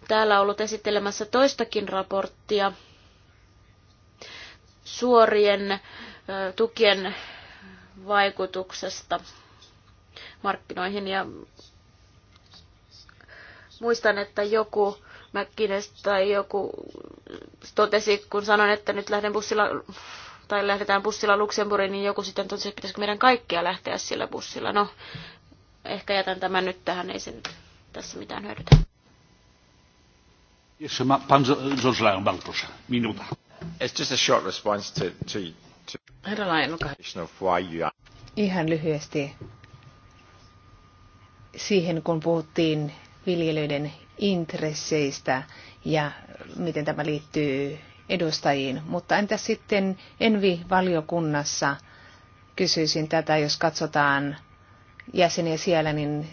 täällä ollut esittelemässä toistakin raporttia suorien tukien vaikutuksesta markkinoihin ja Muistan, että joku Mäkkinen tai joku totesi, kun sanoin, että nyt lähden bussilla tai lähdetään bussilla Luxemburgiin, niin joku sitten totesi, että pitäisikö meidän kaikkia lähteä sillä bussilla. No, ehkä jätän tämän nyt tähän, ei se nyt tässä mitään hyödytä. Jeszcze ma pan minuta. It's just a short response to, to, to Herra Lyon, Ihan lyhyesti siihen, kun puhuttiin viljelijöiden intresseistä ja miten tämä liittyy edustajiin. Mutta entä sitten Envi-valiokunnassa, kysyisin tätä, jos katsotaan jäseniä siellä, niin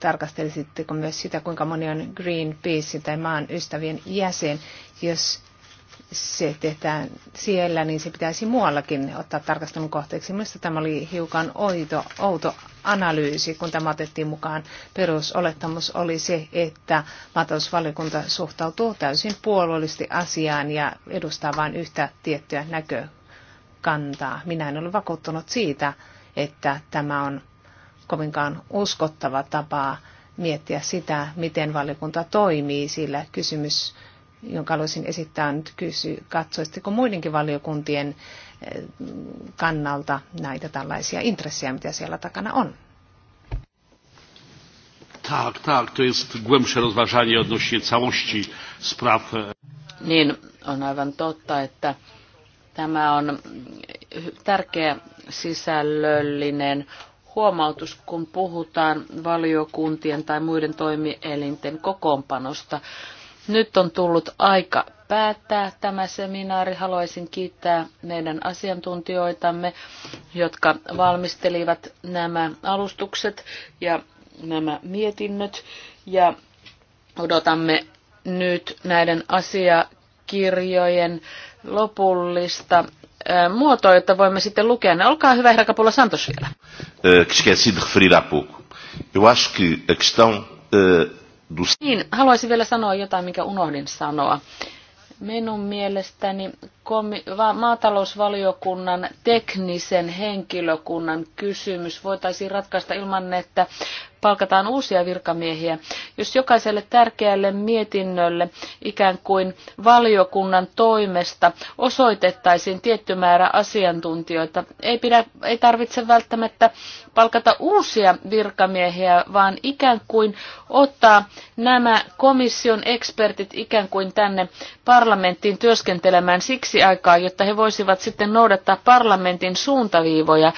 tarkastelisitteko myös sitä, kuinka moni on Greenpeace tai maan ystävien jäsen. Jos se tehdään siellä, niin se pitäisi muuallakin ottaa tarkastelun kohteeksi. Minusta tämä oli hiukan oito, outo analyysi, kun tämä otettiin mukaan. Perusolettamus oli se, että maatalousvaliokunta suhtautuu täysin puolueellisesti asiaan ja edustaa vain yhtä tiettyä näkökantaa. Minä en ole vakuuttunut siitä, että tämä on kovinkaan uskottava tapa miettiä sitä, miten valiokunta toimii, sillä kysymys, jonka haluaisin esittää nyt kysy, katsoisitteko muidenkin valiokuntien kannalta näitä tällaisia intressejä, mitä siellä takana on. Tak, tak, to jest głębsze rozważanie odnośnie całości spraw. Niin, on aivan totta, että tämä on tärkeä sisällöllinen huomautus, kun puhutaan valiokuntien tai muiden toimielinten kokoonpanosta. Nyt on tullut aika päättää tämä seminaari. Haluaisin kiittää meidän asiantuntijoitamme, jotka valmistelivat nämä alustukset ja nämä mietinnöt. Ja odotamme nyt näiden asiakirjojen lopullista muotoa, jotta voimme sitten lukea ne. Olkaa hyvä, herra Kapula Santos vielä. Eh, eh, niin, haluaisin vielä sanoa jotain, mikä unohdin sanoa. Minun mielestäni maatalousvaliokunnan teknisen henkilökunnan kysymys voitaisiin ratkaista ilman, että palkataan uusia virkamiehiä. Jos jokaiselle tärkeälle mietinnölle ikään kuin valiokunnan toimesta osoitettaisiin tietty määrä asiantuntijoita, ei, pidä, ei tarvitse välttämättä palkata uusia virkamiehiä, vaan ikään kuin ottaa nämä komission ekspertit ikään kuin tänne parlamenttiin työskentelemään siksi aikaa, jotta he voisivat sitten noudattaa parlamentin suuntaviivoja.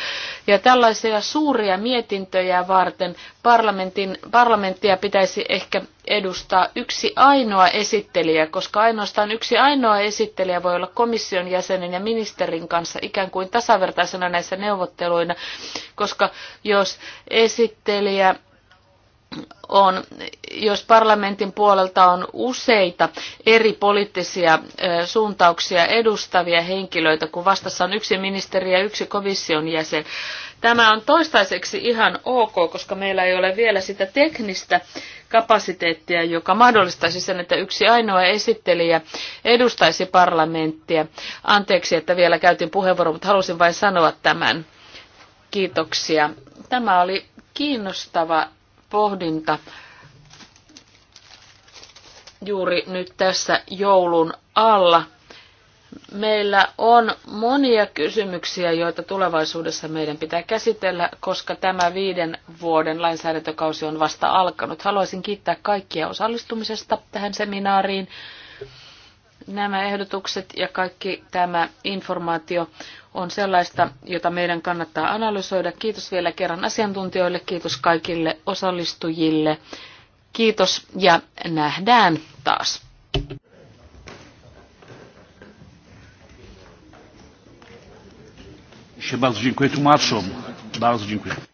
Ja tällaisia suuria mietintöjä varten parlamentin, parlamenttia pitäisi ehkä edustaa yksi ainoa esittelijä, koska ainoastaan yksi ainoa esittelijä voi olla komission jäsenen ja ministerin kanssa ikään kuin tasavertaisena näissä neuvotteluina, koska jos esittelijä on, jos parlamentin puolelta on useita eri poliittisia suuntauksia edustavia henkilöitä, kun vastassa on yksi ministeri ja yksi komission jäsen, Tämä on toistaiseksi ihan ok, koska meillä ei ole vielä sitä teknistä kapasiteettia, joka mahdollistaisi sen, että yksi ainoa esittelijä edustaisi parlamenttia. Anteeksi, että vielä käytin puheenvuoron, mutta halusin vain sanoa tämän. Kiitoksia. Tämä oli kiinnostava pohdinta juuri nyt tässä joulun alla. Meillä on monia kysymyksiä, joita tulevaisuudessa meidän pitää käsitellä, koska tämä viiden vuoden lainsäädäntökausi on vasta alkanut. Haluaisin kiittää kaikkia osallistumisesta tähän seminaariin. Nämä ehdotukset ja kaikki tämä informaatio on sellaista, jota meidän kannattaa analysoida. Kiitos vielä kerran asiantuntijoille, kiitos kaikille osallistujille. Kiitos ja nähdään taas. się bardzo dziękuję tłumaczom. Bardzo dziękuję.